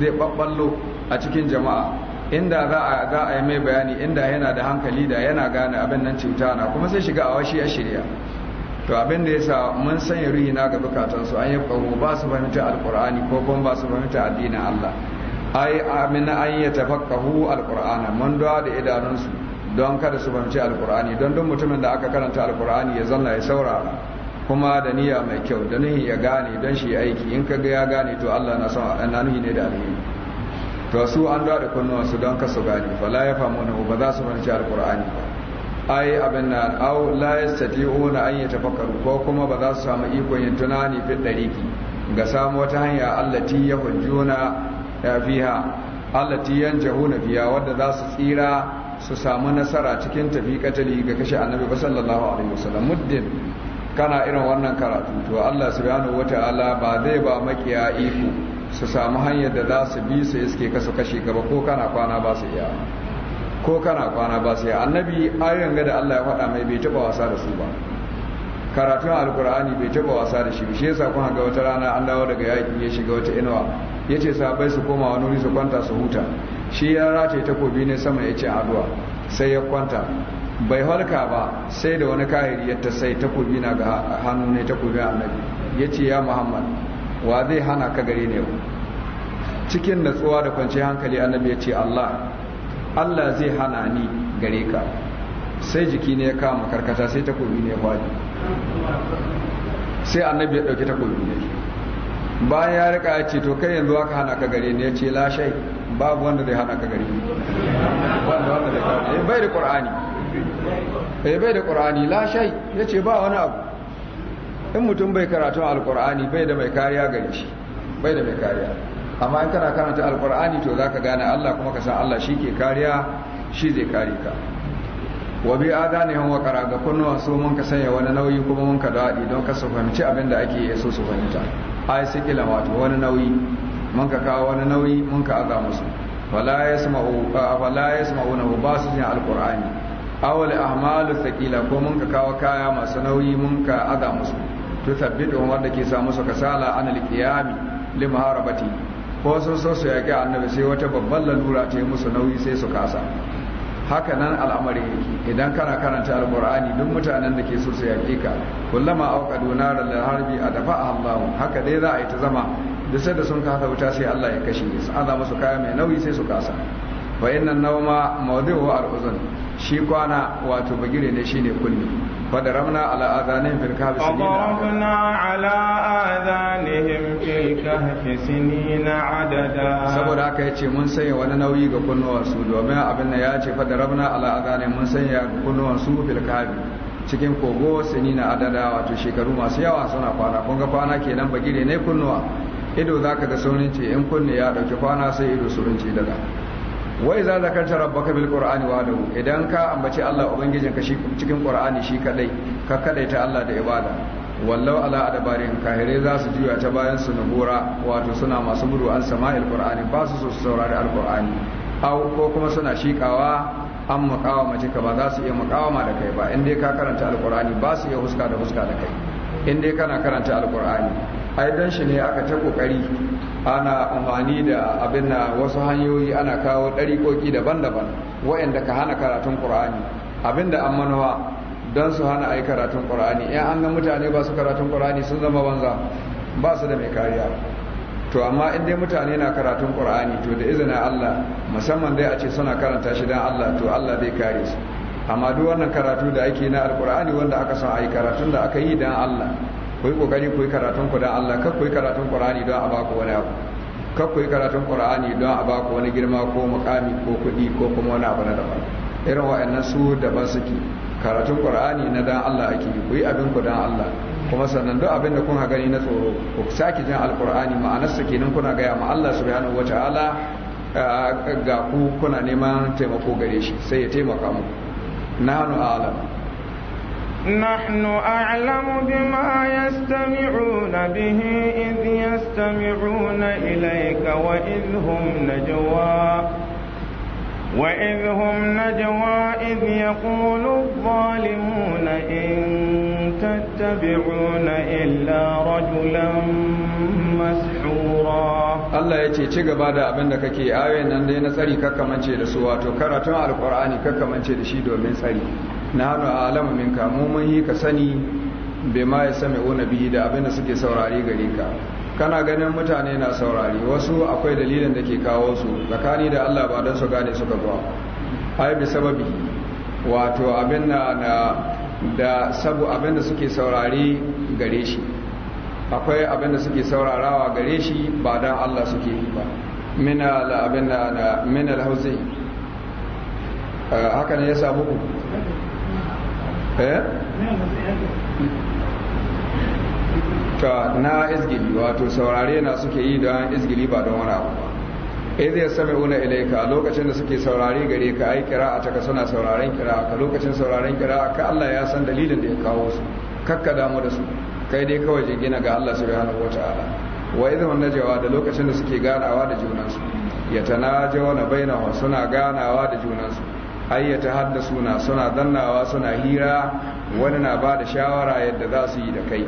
zai babballo a cikin jama'a inda za a za a yi mai bayani inda yana da hankali da yana gane abin nan cuta na kuma sai shiga a washi a shirya to abin da yasa mun sanya ruhi na ga bukatun su an yi kawo ba su fahimta alqur'ani ko kuma ba su fahimta addinin Allah ai amin an ya tafaqahu alqur'ana mun dawo da idanunsu don kada su fahimci alqur'ani don duk mutumin da aka karanta alqur'ani ya zanna ya saurara kuma da niyya mai kyau da nihi ya gane don shi aiki in kaga ya gane to Allah na san na ne da alheri to su an da kunnuwa su don kasu gani fa la yafamu na ba za su fahimci alqur'ani ba ai abin na au la yastati'una an yatafakkaru ko kuma ba za su samu ikon yin tunani fi dariki ga samu wata hanya allati yahujuna fiha allati yanjahuna fiya wadda za su tsira su samu nasara cikin tafi katali ga kashe annabi ba sallallahu alaihi wasallam muddin kana irin wannan karatu to Allah subhanahu wataala ba zai ba makiya iko su samu hanyar da za su bi su iske kasu kashe gaba ko kana kwana ba su iya ko kana kwana ba su iya annabi ayoyin ga da Allah ya faɗa mai bai taɓa wasa da su ba karatun alkur'ani bai taɓa wasa da shi shi yasa kun ga wata rana an dawo daga yaƙi ya shiga wata inuwa ya ce sahabbai su koma wani wuri su kwanta su huta shi ya rataye takobi ne sama ya ce addu'a sai ya kwanta bai halka ba sai da wani kahiri ya ta sai takobi na ga hannu ne takobin annabi ya ce ya muhammad wa zai hana ka gare ne yau cikin natsuwa da kwanci hankali annabi ya ce Allah Allah zai hana ni gare ka sai jiki ne ya kama karkata sai takobi ne ya faɗi sai annabi ya ɗauki takobi ne bayan ya rika ya ce to kai yanzu aka hana ka gare ne ya ce lashai babu wanda zai hana ka gare wanda wanda zai kawo eh, bai da ƙur'ani eh, bai da ƙur'ani lashai ya ce ba wani abu in mutum bai karatun alƙur'ani bai da mai kariya gare shi bai da mai kariya amma in kana karanta alkur'ani to zaka gane Allah kuma ka san Allah shi ke kariya shi zai kare ka wa bi adanihim wa qara ga kunnuwa so mun ka sanya wani nauyi kuma mun ka dadi don ka su fahimci abin da ake so su fahimta ai sikila wato wani nauyi mun ka kawo wani nauyi mun ka aza musu wala yasma'u wala yasma'una ba su jin alqur'ani awal ahmalu thaqila ko mun ka kawo kaya masu nauyi mun ka aza musu to tabbidu wanda ke sa musu kasala an alqiyami limaharabati ko sun so su yaƙi annabi sai wata babban lalura ta yi musu nauyi sai su kasa haka nan al'amari yake idan kana karanta alqur'ani duk mutanen da ke so su yaƙi ka kullama auqadu naral lil harbi adafa Allahu haka dai za a yi ta zama duk sai da sun kasa wuta sai Allah ya kashe su ana musu kaya mai nauyi sai su kasa fa'inan nauma maudu mawdu'u al shi kwana wato bagire ne shi ne kulli fada ramna ala azanin fil kahfi sinina daramna ala azanihim fil kahfi sinina adada saboda haka yace mun sanya wani nauyi ga kunnuwan su domin abin nan ya ce ramna ala adhanihim mun sanya ga kunnuwan su fil kahfi cikin kogo sinina adada wato shekaru masu yawa suna kwana kun ga kwana kenan bagire ne kunnuwa ido zaka ga saurin ce in kunne ya dauki kwana sai ido surin ce daga wa iza zakarta rabbaka bil qur'ani wa lahu idan ka ambaci Allah ka shi cikin qur'ani shi kadai ka kadai ta Allah da ibada wallau ala adabarin kahire za su juya ta bayan su nubura wato suna masu gudu an sama'il qur'ani ba su so su saurari alqur'ani au ko kuma suna shikawa an makawa mace ka ba za su iya makawama da kai ba in dai ka karanta alqur'ani ba su iya huska da huska da kai in dai kana karanta alqur'ani ai dan shi ne aka ta kokari ana amfani da abin na wasu hanyoyi ana kawo ɗariƙoƙi daban-daban waɗanda ka hana karatun ƙur'ani abin da an manuwa don su hana a yi karatun ƙur'ani yan an ga mutane ba su karatun ƙur'ani sun zama banza ba su da mai kariya to amma in dai mutane na karatun ƙur'ani to da izinin allah musamman dai a ce suna karanta shi don allah to allah bai kare su amma duk wannan karatu da ake na alƙur'ani wanda aka san a yi karatun da aka yi don allah ku yi kokari ku yi karatun ku don Allah kai ku yi karatun Qur'ani don a ba ku wani abu kar yi karatun Qur'ani don a ba ku wani girma ko mukami ko kuɗi ko kuma wani abu na daban irin wa'annan su daban suke karatun Qur'ani na don Allah ake yi ku yi abin ku don Allah kuma sannan duk abin da kun ha gani na tsoro ku sake jin alqur'ani ma'anarsa kenan kuna gaya ma Allah subhanahu wataala ga ku kuna neman taimako gare shi sai ya taimaka mu nanu a'lam نحن أعلم بما يستمعون به إذ يستمعون إليك وإذ هم نجوى وإذ هم نجوى إذ يقول الظالمون إن تتبعون إلا رجلا مسحورا Allah ya ce ci gaba da abinda kake ayoyin nan dai na tsari kakkamance da su wato karatun alkur'ani kakkamance da shi domin tsari na hannu a alama ka mu mun yi ka sani bai ma ya sami ona biyu da abin da suke saurari gare ka kana ganin mutane na saurari wasu akwai dalilin da ke kawo su tsakani da Allah ba don su gane su ba ai bi sababi wato abin na da sabu abinda suke saurari gare shi akwai abinda suke saurarawa gare shi ba don Allah suke yi ba mina abinda na mina alhauzai eh, haka ne ya samu ku eh ta na izgili wato saurare na suke yi don izgili ba don wani abu ba idza yasma'una ilayka a lokacin da suke saurare gare ka ai kira'a ta ka suna sauraren kira'a ka lokacin sauraren kira'a ka Allah ya san dalilin da ya kawo su kakka damu da su kai dai kawai jingina ga Allah subhanahu wata'ala wa idza na jawa da lokacin da suke ganawa da junansu na bainahum suna ganawa da junansu ai yatahaddasuna suna dannawa suna hira wani na ba da shawara yadda za su yi da kai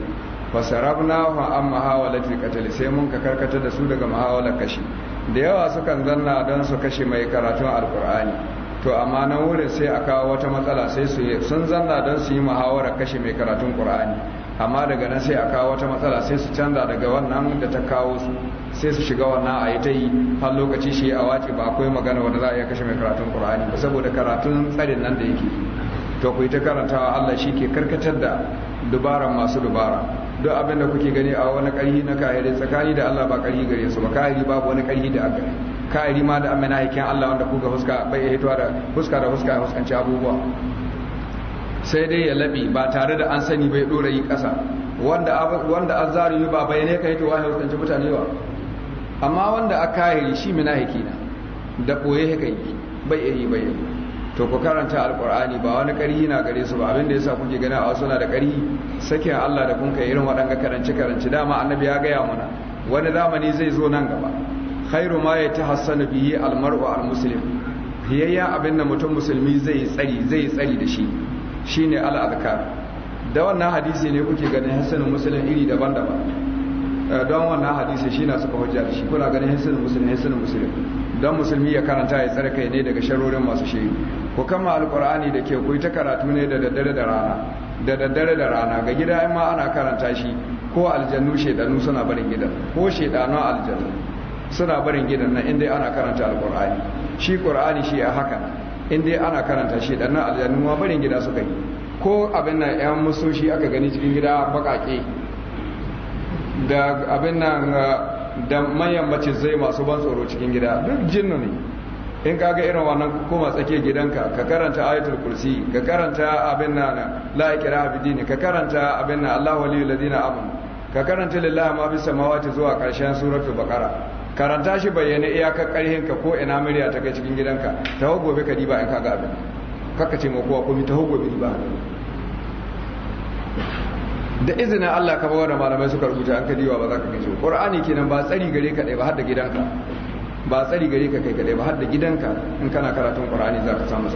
fasarabna wa an mahawalatul qatl sai mun ka karkata da su daga mahawalar kashi da yawa sukan zanna don su kashe mai karatun alkur'ani to amma na wurin sai a kawo wata matsala sai su sun zanna don su yi muhawara kashe mai karatun kur'ani amma daga nan sai a kawo wata matsala sai su canza daga wannan da ta kawo su sai su shiga wannan a yi ta yi har lokaci shi a wace ba akwai magana wanda za a iya kashe mai karatun qur'ani ba saboda karatun tsarin nan da yake to ku yi ta karantawa Allah shi ke karkatar da dubaran masu dubara duk abin da kuke gani a wani ƙarhi na kahiri tsakani da Allah ba ƙarhi gare su ba kahiri babu wani ƙarhi da aka gare ma da amina hakin Allah wanda kuka fuska bai hitowa da fuska da fuska ya fuskanci abubuwa sai dai ya labi ba tare da an sani bai ɗora yi ƙasa wanda wanda azzarumi ba bayanai ka hitowa ya fuskanci mutane ba amma wanda a kahiri shi mina hakina da ɓoye ka yi bai yi bai yi to ku karanta alkur'ani ba wani ƙarhi na gare su ba abin da yasa kuke gani a wasu na da ƙarhi sakin Allah da kun kai irin waɗanga karanci karanci dama annabi ya gaya mana wani zamani zai zo nan gaba khairu ma ya ta hassana biyi almar'u almuslim fiyayya abin da mutum musulmi zai tsari zai tsari da shi shine al da wannan hadisi ne kuke ganin hassanin musulmi iri daban-daban eh, don wannan hadisi shi na suka hujja da shi kuna ganin hassanin musulmi? hassanin musulmi. don musulmi ya karanta ya tsare kai ne daga sharorin masu shi ku kama alkur'ani da ke kuyi ta karatu ne da daddare da rana da daddare da rana ga gida ma ana karanta shi ko aljannu shaidanu suna barin gidan ko shaidanu aljannu suna barin gidan nan inda ana karanta alkur'ani shi qur'ani shi a haka inda ana karanta shaidanu aljannu ma barin gida suka yi ko abin nan yan musoshi aka gani cikin gida bakake da abin nan da manyan mace zai masu ban tsoro cikin gida duk jinnu ne in kaga irin wannan koma tsake gidanka ka karanta ayatul kursi ka karanta abin na la ikra dini ka karanta abin na Allahu waliyul ladina amanu ka karanta lillahi ma bis samawati zuwa karshen suratul baqara karanta shi bayyana iyakar karhin ka ko ina murya ta kai cikin gidanka ta gobe ka diba in kaga abin kaka ce ma kowa komai ta gobe diba da izinin Allah ka wanda malamai suka rubuta an kadiwa ba za ka kace Qur'ani kenan ba tsari gare ka ɗai ba har da gidanka ba tsari gare ka kai kadai ba har da gidanka in kana karatun Qur'ani za ka samu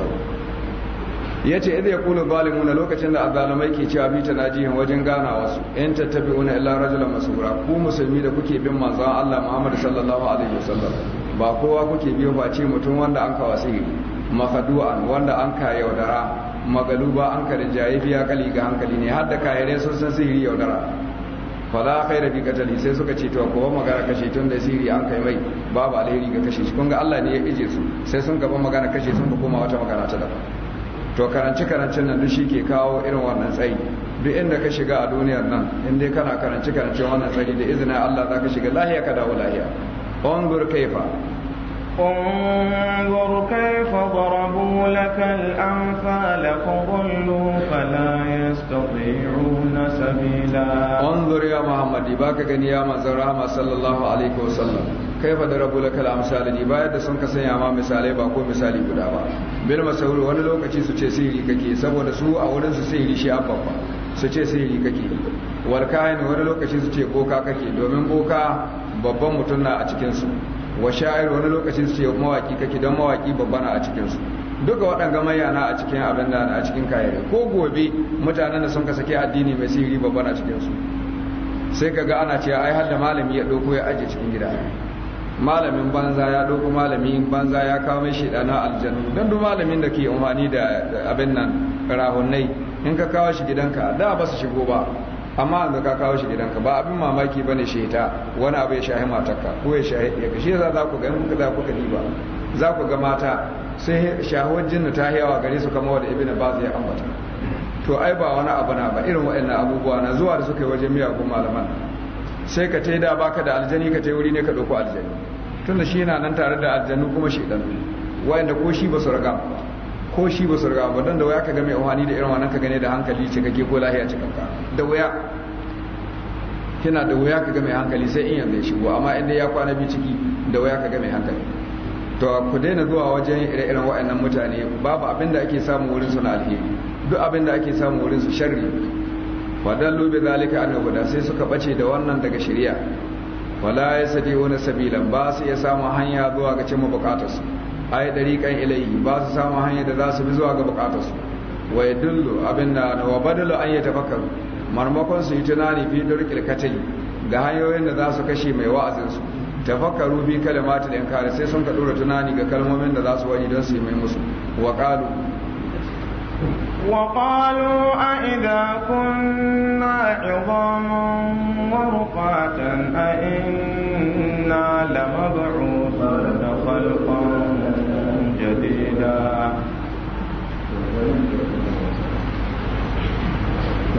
Ya idan ya idh Balimu na lokacin da azalamai ke cewa bi tanajihin wajen gana wasu in wani illa rajulan masura ku musulmi da kuke bin manzon Allah Muhammadu sallallahu alaihi wasallam ba kowa kuke biyo face mutum wanda an kawo sihiri makadu'an wanda an kayaudara magaluba an ka rijaye biya kali ga hankali ne har da kayare sun san sihiri yaudara fala da bi qatali sai suka ce to ko magana kashe tun da sihiri an kai mai babu alheri ga kashe shi kun ga Allah ne ya ije su sai sun gaba magana kashe sun ba koma wata magana ta daban to karanci karancen nan duk shi ke kawo irin wannan tsayi duk inda ka shiga a duniyar nan in dai kana karanci karancin wannan tsayi da izinin Allah zaka shiga lahiya ka dawo lahiya ongur kaifa انظر كيف ضربوا لك الأمثال فضلوا فلا يستطيعون سبيلا انظر يا محمد باك يا مزرعة صلى الله عليه وسلم كيف ضربوا misali ni bayar da sun ka sanya ma misalai ba ko misali guda ba bil masahuru wani lokaci su ce sihiri kake saboda su a wurin su sihiri shi abba su ce sihiri kake wal kayan wani lokaci su ce boka kake domin boka babban mutum na a cikin su wa sha'ir wani lokacin su ce mawaki kake don mawaki babbana a cikinsu duka waɗanga mayana a cikin abin da a cikin kayare ko gobe mutanen da sun ka sake addini mai sirri babban a cikinsu sai ka ga ana cewa ai har da malami ya doko ya aje cikin gida malamin banza ya doko malamin banza ya kawo mai shaidana aljanu don duk malamin da ke umarni da abin nan rahonai in ka kawo shi gidanka da ba su shigo ba amma an ka kawo shi gidanka ba abin mamaki bane shi ta wani abu ya shahi matarka ko ya shahi ɗiyarka shi yasa za ku ga in za ku ka diba za ku ga mata sai shahuwar jinnu ta yawa gare su kama wanda ibnu ba ya ambata to ai ba wani abu na ba irin waɗannan abubuwa na zuwa da suka yi wajen miyagun malaman sai ka taida baka da aljani ka taida wuri ne ka ɗauko aljani tunda shi yana nan tare da aljanu kuma shi ɗan wayanda ko shi ba su raga ba ko shi ba su ba don da waya ka ga mai amfani da irin wannan ka gane da hankali ce kake ko lahiya ce kanka da waya kina da waya ka ga mai hankali sai in yanzu ya shigo amma inda ya kwana bi ciki da waya ka ga mai hankali to ku daina zuwa wajen ire-iren waɗannan mutane babu abin da ake samu wurin su na alheri duk abin da ake samu wurin su sharri wadallu bi zalika an guda sai suka bace da wannan daga shari'a wala yasdi wani sabilan ba su ya samu hanya zuwa ga cimma bukatarsu ay dariqan ilayhi ba su samu hanyar da za su bi zuwa ga bukatarsu wa yadullu abinda wa badalu an tafakkar marmakon su yi tunani fi durkil katai ga hanyoyin da za su kashe mai wa'azin su tafakkaru bi kalimatul inkari sai sun ka dora tunani ga kalmomin da za su wani don su yi mai musu wa qalu kunna أئذا كنا عظاما ورفاتا أئنا لمبعوثون خلقا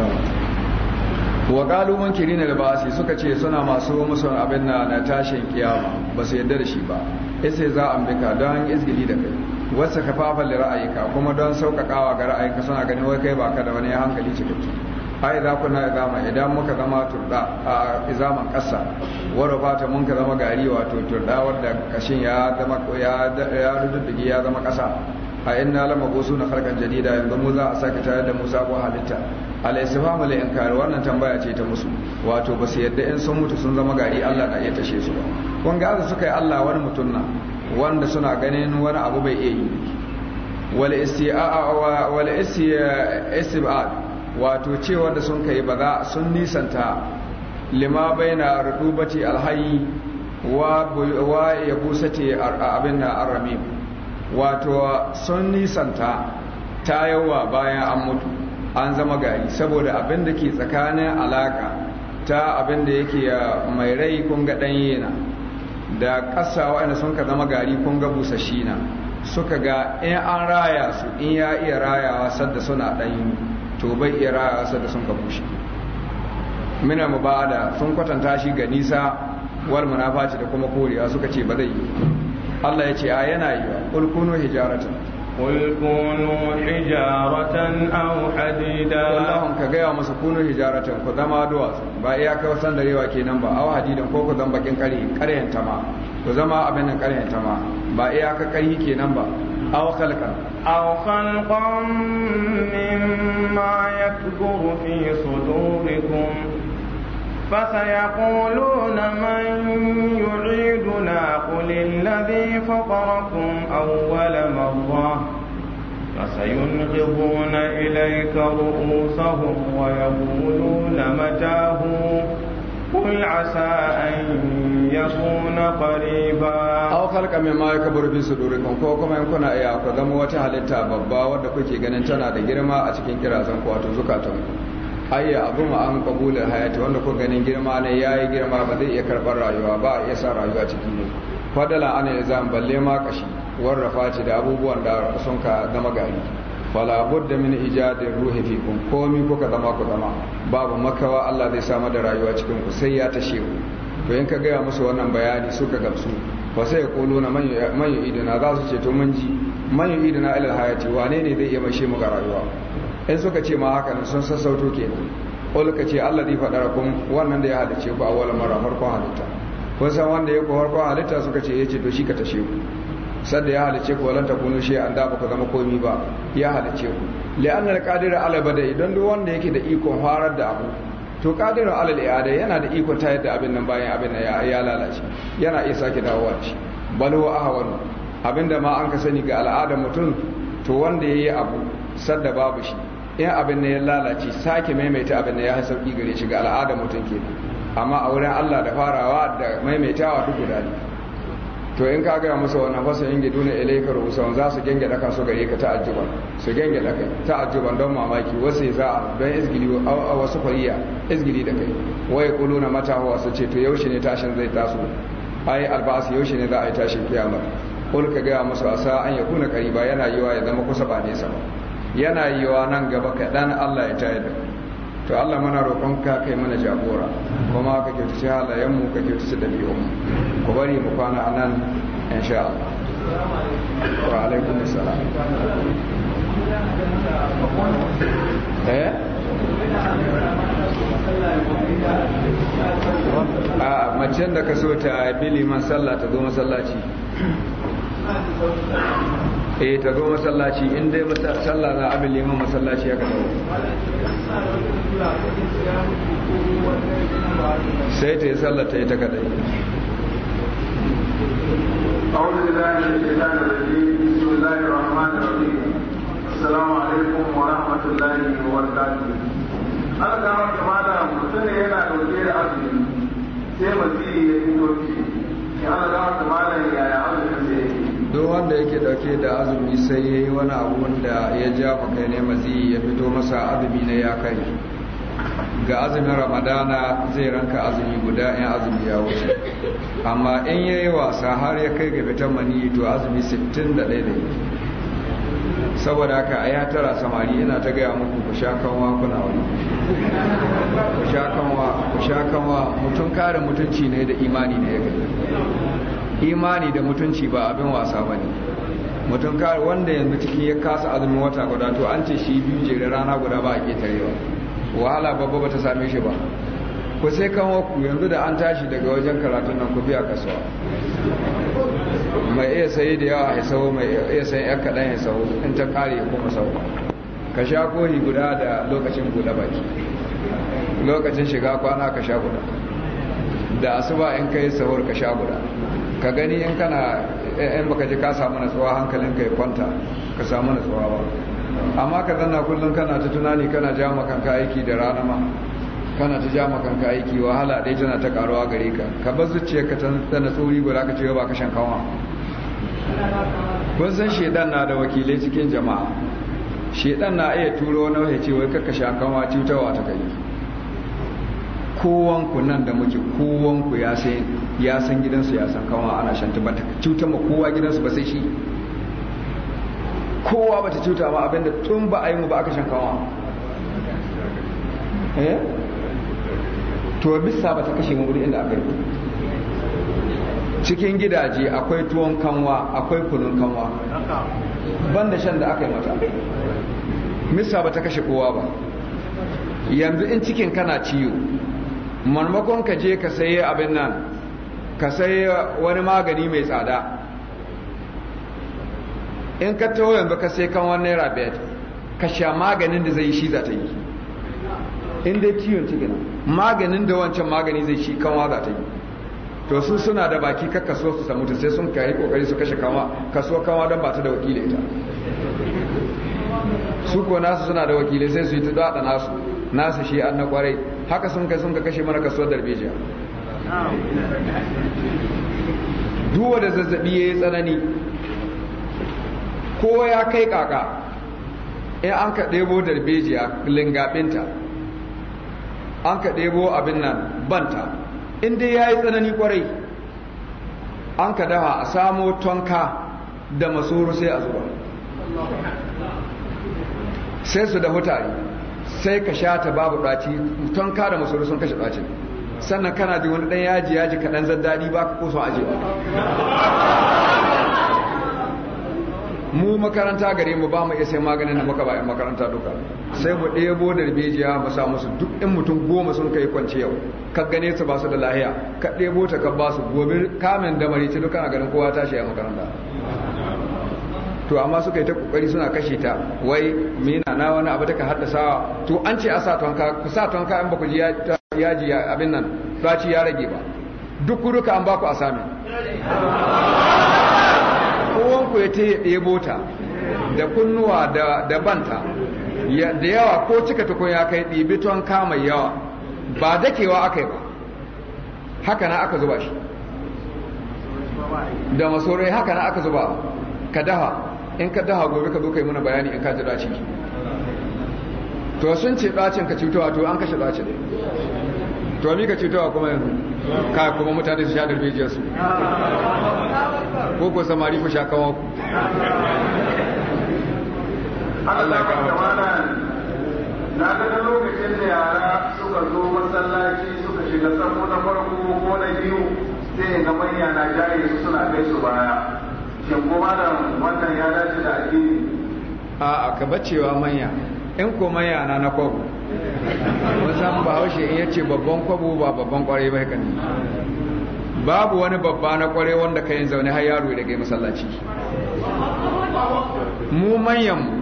wa qalu munkirina basi suka ce suna masu musu abin na na tashin kiyama ba su yarda da shi ba sai za an bika don izgili da kai wasu kafafan da ra'ayika kuma don sauƙaƙawa ga ra'ayika suna ganin wai kai baka da wani hankali cikakke ai za ku na zama idan muka zama turɗa a izaman ƙasa wadda fata mun ka zama gari wato turɗa wadda kashin ya zama ya ya zama ƙasa a inna lama ko na kharqan jadida yanzu mu za a sake tare da Musa ko halitta al isfahamu in kare wannan tambaya ce ta musu wato ba su yadda in sun mutu sun zama gari Allah na iya tashe su ba kun ga suka yi Allah wani mutum na wanda suna ganin wani abu bai iya yi wal istia'a wal wato ce wanda sun kai ba za sun nisanta lima baina rudubati alhayi. wa wa yabusati abinna arramim wato sun nisanta ta yawa bayan an mutu an zama gari saboda abin da ke tsakanin alaka ta abin da yake uh, mai rai kun ga ɗanye da ƙasa waɗanda sun ka zama gari kun ga busashi na suka ga in an raya su in ya iya rayawa sadda suna ɗanyi to bai iya rayawa sadda sun ka bushe mina mubada sun kwatanta shi ga nisa wal munafaci da kuma korewa suka ce ba zai yi Allah ya ce a yana yi wa ƙulƙunu hijaratan ƙulƙunu hijaratan au hadida Allahun ka gaya musu kunu hijaratan ku zama duwatsu ba iya kai wasan darewa kenan ba au hadidan ko ku zan bakin kare ƙaryan tama ku zama abin nan ƙaryan tama ba iya ka ƙarhi kenan ba au khalqan au khalqan mimma yakburu fi sudurikum فسيقولون من يعيدنا قل الذي فطركم أول مرة فسينغضون إليك رؤوسهم ويقولون متاه قل عسى أن يكون قريبا أو خلق من ما يكبر في صدوركم فوقما يكون in kuna iya ku zama wata halitta تنادي جرما أتكين كرازم قواتو da ayya abu ma an kabulin hayati wanda ku ganin girma ne ya yi girma ba zai iya karɓar rayuwa ba a iya sa rayuwa ciki ne fadala ana ya zan balle ma kashi warrafa ce da abubuwan da sun ka zama gari fala budda min ijadin ruhi mi komi kuka zama ku zama babu makawa Allah zai samar da rayuwa cikin ku sai ya tashe ku to in ka gaya musu wannan bayani suka gamsu fa sai ya kulo na man idina za su ce to mun ji man idina ilal hayati wane ne zai iya mashe mu ga rayuwa in suka ce ma haka sun sassauto kenan ƙul ka ce Allah ni faɗa kun wannan da ya halice ba a wala mara farkon halitta kun san wanda ya ku farkon halitta suka ce ya eh, ce to shi ka tashe ku sadda ya halice ku walanta kunu shi an dafa ba ku zama komi ba ya halice ku li'anna ƙadirar ala ba dai don duk wanda yake da ikon farar da abu to ƙadirar ala al yana da ikon tayar da abin nan bayan abin nan ya lalace yana iya sake dawowa shi bal huwa ahwanu abinda ma an ka sani ga al'adar mutum to wanda ya yi abu sadda babu shi in abin da ya lalace sake maimaita abin da ya sauki gare shi ga al'ada mutum ke amma a wurin Allah da farawa da maimaitawa duk guda ne to in ka gaya musu wannan fasa yin gidu na ilaika rubusan za su genge daka su gare ka ta'ajjuban su genge daka ta'ajjuban don mamaki wasu za a don izgili a wasu fariya izgili da kai waye kulu na mata huwa su ce to yaushe ne tashin zai taso ai albasu yaushe ne za a yi tashin kiyama kul ka gaya musu a sa an yakuna qariba yana yiwa ya zama kusa ba nesa ba yana yiwa nan gaba kaɗan Allah ya tayar da to Allah mana roƙon ka kai mana jagora kuma ka kyautace halayenmu ka shi ɗabi'unmu ku bari mu kwana a nan insha Allah wa alaikum salam eh a mace da ka so ta bili masallah ta zo masallaci eh ta zo masallaci in dai sallah za a bi liman masallaci ya ka sai ta yi sallah ta yi ta kadai أعوذ بالله من الشيطان الرجيم بسم الله الرحمن الرحيم السلام عليكم ورحمة الله وبركاته mata yana da sai ya don wanda yake dauke da azumi sai ya yi wani abun da ya ja kai ne mazi ya fito masa azumi na ya kai. ga azumin ramadana zai ranka azumi guda in azumi ya wuce amma in ya yi wasa har ya kai ga fitan mani to azumi 61 da yake saboda haka a ya tara samari ina ta gaya muku ku sha kanwa kuna wani ku sha kanwa ku sha kanwa mutum kare mutunci ne da imani ne ya gani imani da mutunci ba abin wasa ba ne mutum kare wanda yanzu cikin ya kasa azumin wata guda to an ce shi biyu jere rana guda ba a ketarewa wahala babba ba ta same shi ba ku sai kan ku yanzu da an tashi daga wajen karatun nan ku biya kasuwa mai iya sayi da yawa a sau mai iya sayi yan kaɗan ya sau in ta kare ya kuma sau ka sha kori guda da lokacin buɗe baki lokacin shiga kwana ka sha guda da asuba in kai sahur ka sha guda ka gani in kana eh, in baka ji ka samu natsuwa ka ya kwanta ka samu natsuwa ba amma ka zanna kullum kana ta tunani kana ja kanka aiki da rana ma kana ta ja kanka aiki wahala dai tana ta karuwa gare ka ka bar ka ta natsuri gura ka ce ba ka shan kawa kun san shedan na da wakilai cikin jama'a shedan na iya turo wani wahai ce wai kakka shan kawa cutarwa ta kai kowanku nan da muke kowanku ya sai ya san gidansu ya san kawo ana shanta ba ta cuta ma kowa gidansu ba sai shi kowa ba ta cuta ma abinda tun ba a yi mu ba aka shan kama eh to bisa ba ta kashe mu wuri inda aka yi cikin gidaje akwai tuwon kanwa akwai kunun kanwa banda shan da aka yi mata misa ba ta kashe kowa ba yanzu in cikin kana ciwo marmakon ka je ka saye abin nan ka sai wani magani mai tsada in ka taho yanzu ka sai kan wani naira biyar ka sha maganin da zai shi za ta yi in dai ciwon cikin maganin da wancan magani zai shi kanwa za ta yi to su suna da baki kakka so su samu sai sun kai kokari su kashe kama kaso kama don ba ta da wakilai ta. su ko nasu suna da wakilai sai su yi ta dada nasu nasu shi an na kwarai haka sun kai sun ka kashe mana kaso darbejiya duwa da zazzabi ya yi tsanani kowa ya kai kaka in an ka ɗebo darbejiya lingabinta an ka ɗebo abin nan banta inda ya yi tsanani kwarai an ka dafa a samo tonka da masoro sai a zuwa sai su da hutari sai ka sha ta babu ɗaci tonka da masoro sun kashe ɗacin sannan kana da wani ɗan yaji yaji kaɗan zan daɗi ba ka koso ajewa mu makaranta gare mu ba mu iya sai maganin da muka bayan makaranta duka sai mu ɗebo da ribejiya mu sa musu duk ɗin mutum goma sun kai kwance yau ka gane su ba su da lahiya ka ɗebo ta ka ba su gobe kamen da marici duka a garin kowa tashi a makaranta to amma suka yi ta kokari suna kashe ta wai mina na wani abu ta ka haddasa to an ce a sa tonka ku sa tonka in ba ku ji ya yaji abin nan ɗaci ya rage ba duk ruka an baku a sami ku ya teye ɗebo ta da kunnuwa da banta da yawa ko cika tukun ya kai ɗibi ton kama yawa ba dakewa aka yi ba haka na aka zuba shi da masorai haka na aka zuba ka daha in ka daha gobe ka zo ka yi mana bayani in ka ji dace to sun ce dacin ka cutowa to an kashe dace ne to ce cutarwa kuma yanzu ka kuma mutane su sha darbejiyar su ko ko samari ku sha ku Allah ka mata na ga lokacin da yara suka zo masallaci suka shiga tsarko na farko ko na biyu sai ga manya na jaye su suna kai su baya shin kuma da wannan ya dace da addini a'a ka bacewa manya in ko manya na na kwaro wasan bahaushe in yace babban kwabo ba babban kwarai ba kan babu wani babba na kwarai wanda ka yi zaune har yaro da gai masallaci mu manyan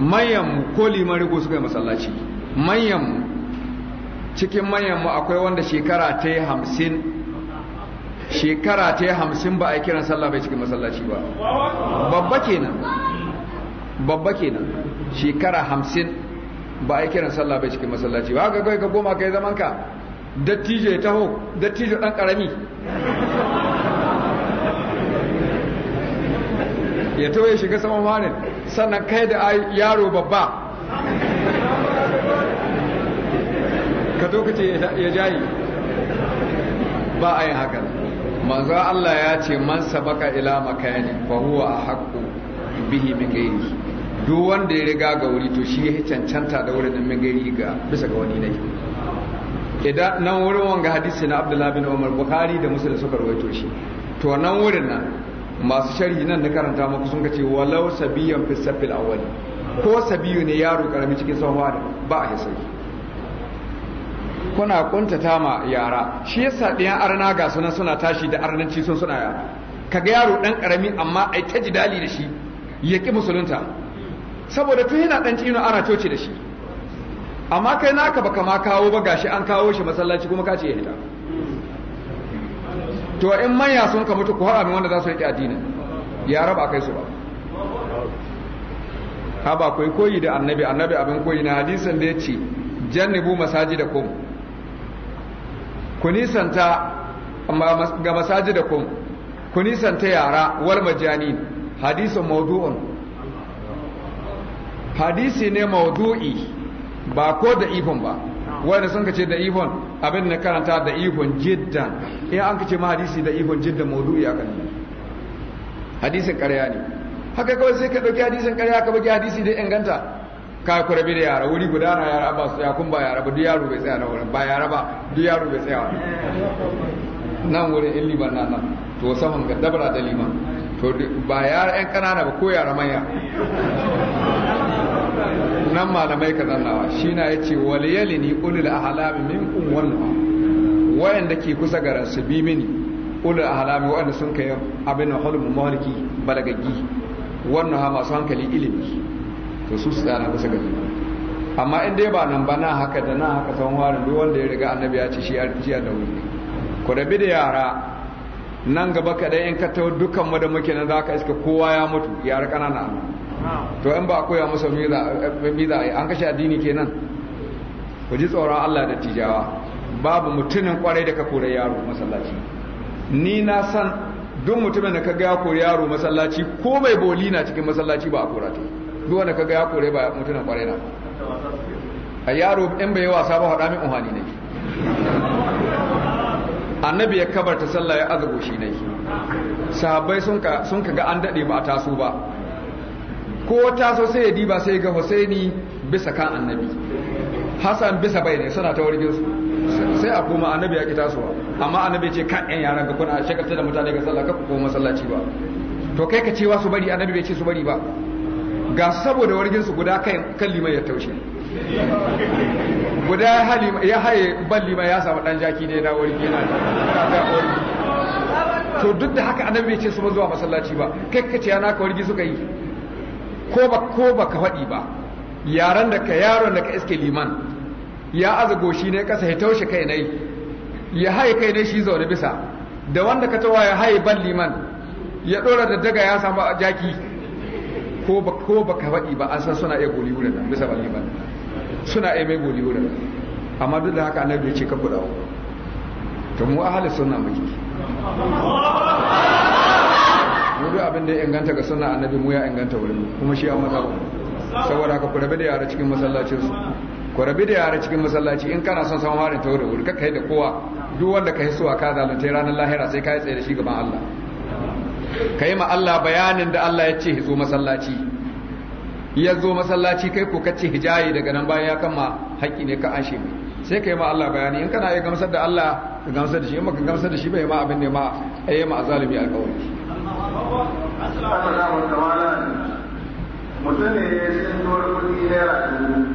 manyan ko liman rigo suka yi masallaci manyan cikin manyan mu akwai wanda shekara ta yi hamsin shekara ta yi hamsin ba a yi kiran sallah bai cikin masallaci ba babba kenan babba kenan shekara hamsin ba a yi kiran sallah bai cikin masallaci ba ga kai ka goma kai zaman ka dattijo ya taho dattijo dan karami ya taho ya shiga saman wani sannan kai da yaro babba ka zo kace ya jayi ba a yi haka manzo Allah ya ce man sabaka ila makani fa huwa haqqu bihi bi ghairihi duk wanda ya riga ga wuri to shi ya cancanta da wurin nan gari ga bisa ga wani nai idan nan wurin wanga hadisi na abdullahi bin umar bukhari da musulun suka rawaito shi to nan wurin nan masu sharhi nan na karanta muku sun kace walau sabiyan fi safil awwal ko sabiyu ne yaro karami cikin sahwa ba a hisai kuna kuntata ma yara shi yasa ɗayan arna ga sunan suna tashi da arnanci sun suna yara kaga yaro dan karami amma ai ta jidali da shi ya musulunta saboda tun yana ɗan cino ana coci da shi amma kai naka baka ma kawo ba gashi an kawo shi masallaci kuma ka ce ya hita to in manya sun ka mutu ku haɗa min wanda za su riƙe addinin ya raba kai su ba ha ba kai koyi da annabi annabi abin koyi na hadisin da ya ce jannibu masaji da kum ku nisanta ga masaji da kum ku nisanta yara wal majani hadisin mawdu'un hadisi ne maudu'i ba ko da ifon ba wanda sun kace da ifon abin na karanta da ifon jiddan in an kace ma hadisi da ifon jiddan maudu'i a kan hadisin ƙarya ne haka kawai sai ka ɗauki hadisin ƙarya ka baki hadisi da inganta ka kurabi da yara wuri guda na yara ba su ya kun ba yara ba duk yaro bai tsaya na wurin ba yara ba duk yaro bai tsaya nan wurin in liban nan nan to saman ga dabara da liman to ba yara yan ƙanana ba ko yara manya nan malamai ka zannawa shi na ya ce waliyali ni ulul ahalami minkum wannan wayanda ke kusa ga su bi mini ulul ahalami wayanda sun kai abin da hulmu mahalki balagaggi wannan ha masu hankali ilimi to su su tsana kusa ga juna amma in dai ba nan ba na haka da na haka san warin duk wanda ya riga annabi ya ce shi ya da wuri ku bi da yara nan gaba kaɗai in ka tawo dukkan mu da muke nan za ka iska kowa ya mutu yara ƙanana to in ba a koya musu yi an kashe addini kenan ku ji tsoron Allah da tijawa babu mutumin kwarai da ka kore yaro masallaci ni na san duk mutumin da kaga ya kore yaro masallaci ko mai boli na cikin masallaci ba a kora ta duk wanda kaga ya kore ba mutumin kwarai na a yaro in bai wasa ba haɗa min umarni ne annabi ya kabarta sallah ya azugo shi ne sahabbai sun ka ga an daɗe ba a taso ba ko ta so sai ya diba sai ga Husaini bisa kan annabi Hassan bisa bai ne suna ta wargin su sai a koma annabi ya ki tasowa amma annabi ce kan yan yaran ga kuna shekarta da mutane ga sallah ka ko masallaci ba to kai ka cewa su bari annabi bai ce su bari ba ga saboda wargin su guda kai kan liman ya taushe guda ya haye ban liman ya samu dan jaki ne na wargi na to duk da haka annabi bai ce su ba zuwa masallaci ba kai ka ce ya naka wargi suka yi ko ba ko ba ka faɗi ba yaran da ka yaro da ka iske liman ya azago shi ne kasa ya taushe kai nai ya haye kai ne shi zaune bisa da wanda ka tawa ya haye ban liman ya ɗora da daga ya samu jaki ko ba ko ba ka faɗi ba an san suna iya goli wurin bisa ban liman suna iya mai goli wurin amma duk da haka annabi ya ce ka gudawa to mu ahli sunna muke mu duk abin da ya inganta ga sunna annabi mu ya inganta wurin kuma shi an mazhab saboda haka ku rabi da yara cikin masallacin su ku rabi da yara cikin masallaci in kana son samun harin tauri wuri kakkai da kowa duk wanda ka suwa ka zalunta ranar lahira sai ka yi tsaye da shi gaban Allah ka yi ma Allah bayanin da Allah ya ce hizo masallaci ya zo masallaci kai ko kace hijayi daga nan bayan ya kama haƙƙi ne ka ashe mai sai ka yi ma Allah bayani in kana iya gamsar da Allah ka gamsar da shi in ka gamsar da shi bai ma abin a yi ma ayyama azalimi alƙawari haka za mu mutum ne ya sun duwar kuɗi naira dubu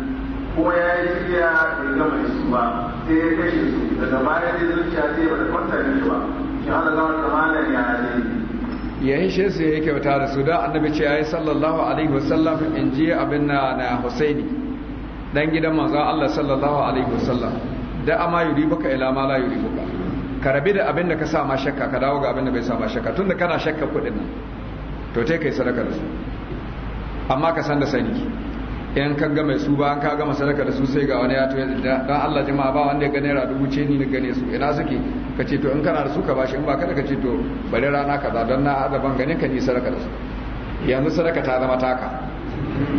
kuma ya yi shirya bai gama su ba sai ya kashe su daga baya dai zuciya sai ba da kwanta ne ba shi haka za mu kamala ya ne ya hishe su ya yi kyauta da su da annabi ce ya yi sallallahu alaihi wasallam in ji abin na na husaini dan gidan manzo Allah sallallahu alaihi wasallam da ama yuri baka ila ma la yuri baka ka da abin da ka sa ma shakka ka dawo ga abin da bai sa ma shakka tunda kana shakka kuɗin nan to te kai sadaka da su amma ka san da sani in ka gama su ba an ka gama sadaka da su sai ga wani ya to dan Allah jama'a ba wanda ya ga naira dubu ce ni na gane su ina suke ka ce to in kana da su ka bashi in ba kada ka ce to bari rana ka da dan na azaban ganin ka ni sadaka da su yanzu sadaka ta zama taka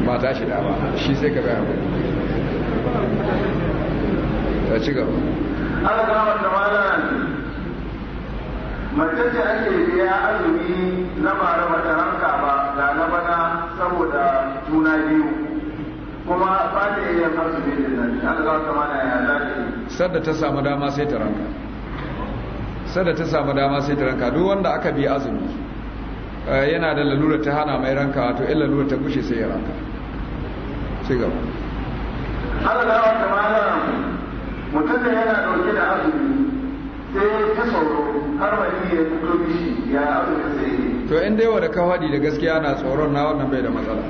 ba ta shi da ba shi sai ka ga ta ci gaba Allah ga wannan mace ake biya azumi na bara bata ranka ba da na bana saboda juna biyu kuma ba ta iya biyu da nan Allah ta mana ya zaki sadda ta samu dama sai ta ranka sadda ta samu dama sai ta ranka duk wanda aka bi azumi eh, yana da lalura ta hana mai ranka to in lalura ta kushe sai ya ranka ci gaba Allah ta mana mutum da yana dauke da azumi sai ta tsoro har mai ya fito mishi ya abu da sai to in dai wanda ka faɗi da gaskiya na tsoron na wannan bai da matsala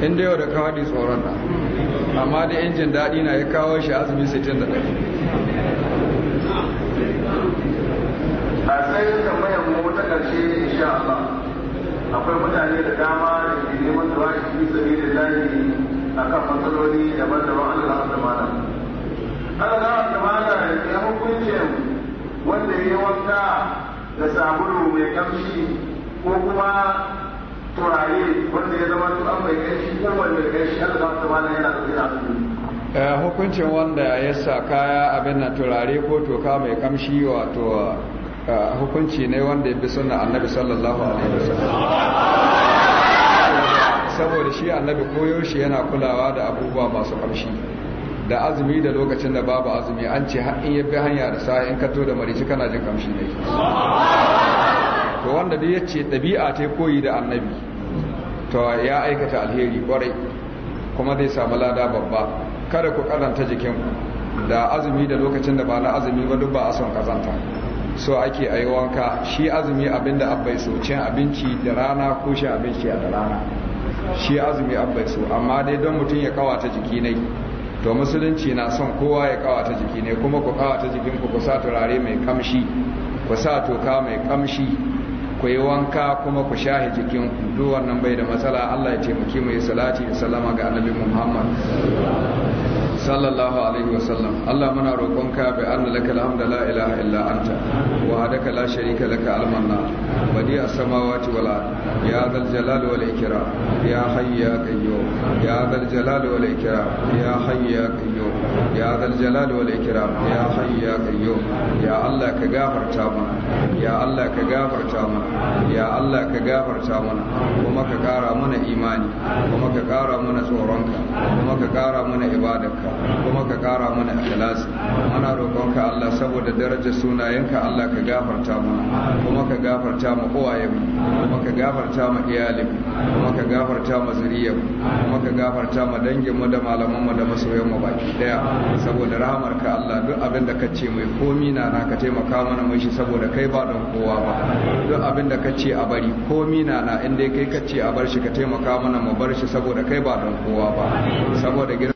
in dai wanda ka faɗi tsoron na amma da injin daɗi na ya kawo shi azumi 61 a sai tambayar mu ta ƙarshe insha Allah akwai mutane da dama da ke neman da wani fi sabi da lahi akan matsaloli daban-daban Allah da malam Allah kamata ya hukuncin wanda ya wanka da sabulu mai kamshi ko kuma turare wanda ya zama tu'an mai kanshi ko wanda ya kanshi Allah kamata yana da zira eh, hukuncin wanda ya sa kaya abin na turare ko toka mai kamshi wato eh, hukunci ne wanda ya bi suna annabi sallallahu alaihi wasallam saboda shi annabi koyo shi yana kulawa da abubuwa masu kamshi da azumi da lokacin da babu azumi an ce in ya fi hanya da sa in kato da marici kana jin kamshi ne to wanda dai ya ce ɗabi'a ta koyi da annabi to ya aikata alheri kwarai kuma zai samu lada babba kada ku karanta jikinku da azumi da lokacin da ba na azumi ba duk ba a son kazanta so ake a wanka shi azumi abinda abbai so cin abinci da rana ko shi abinci da rana shi azumi bai so amma dai don mutum ya kawata jiki ne to musulunci na son kowa ya kawata jiki ne kuma ku kawata jikin ku sa turare mai kamshi ku sa toka mai kamshi ku yi wanka kuma ku shahi jikin duk wannan bai da matsala Allah ya taimake mu yi salati da sallama ga annabi Muhammad sallallahu alaihi wasallam Allah muna roƙonka bi anna laka alhamdu la ilaha illa anta wa hadaka la sharika laka almanna badi as-samawati wal ard ya dal jalali wal ikram ya hayy ya qayyum ya dal jalali wal ikram ya hayy ya qayyum ya dal jalali wal ikram ya hayy ya qayyum ya Allah ka gafarta mana ya Allah ka gafarta mana ya Allah ka gafarta mana kuma ka ƙara mana imani kuma ka ƙara mana tsoronka kuma ka ƙara mana ibadarka kuma ka kara mana ikhlas muna roƙonka Allah saboda darajar sunayenka Allah ka gafarta mu kuma ka gafarta mu uwayenmu kuma ka gafarta mu iyalinmu kuma ka gafarta mu zuriyarmu kuma ka gafarta mu danginmu da malamanmu da masoyanmu baki daya saboda ka Allah duk abin da kace mai komi na na ka taimaka mana mai shi saboda kai ba don kowa ba duk abin da kace a bari komi na na inda kai kace a bar shi ka taimaka mana mu bar shi saboda kai ba don kowa ba saboda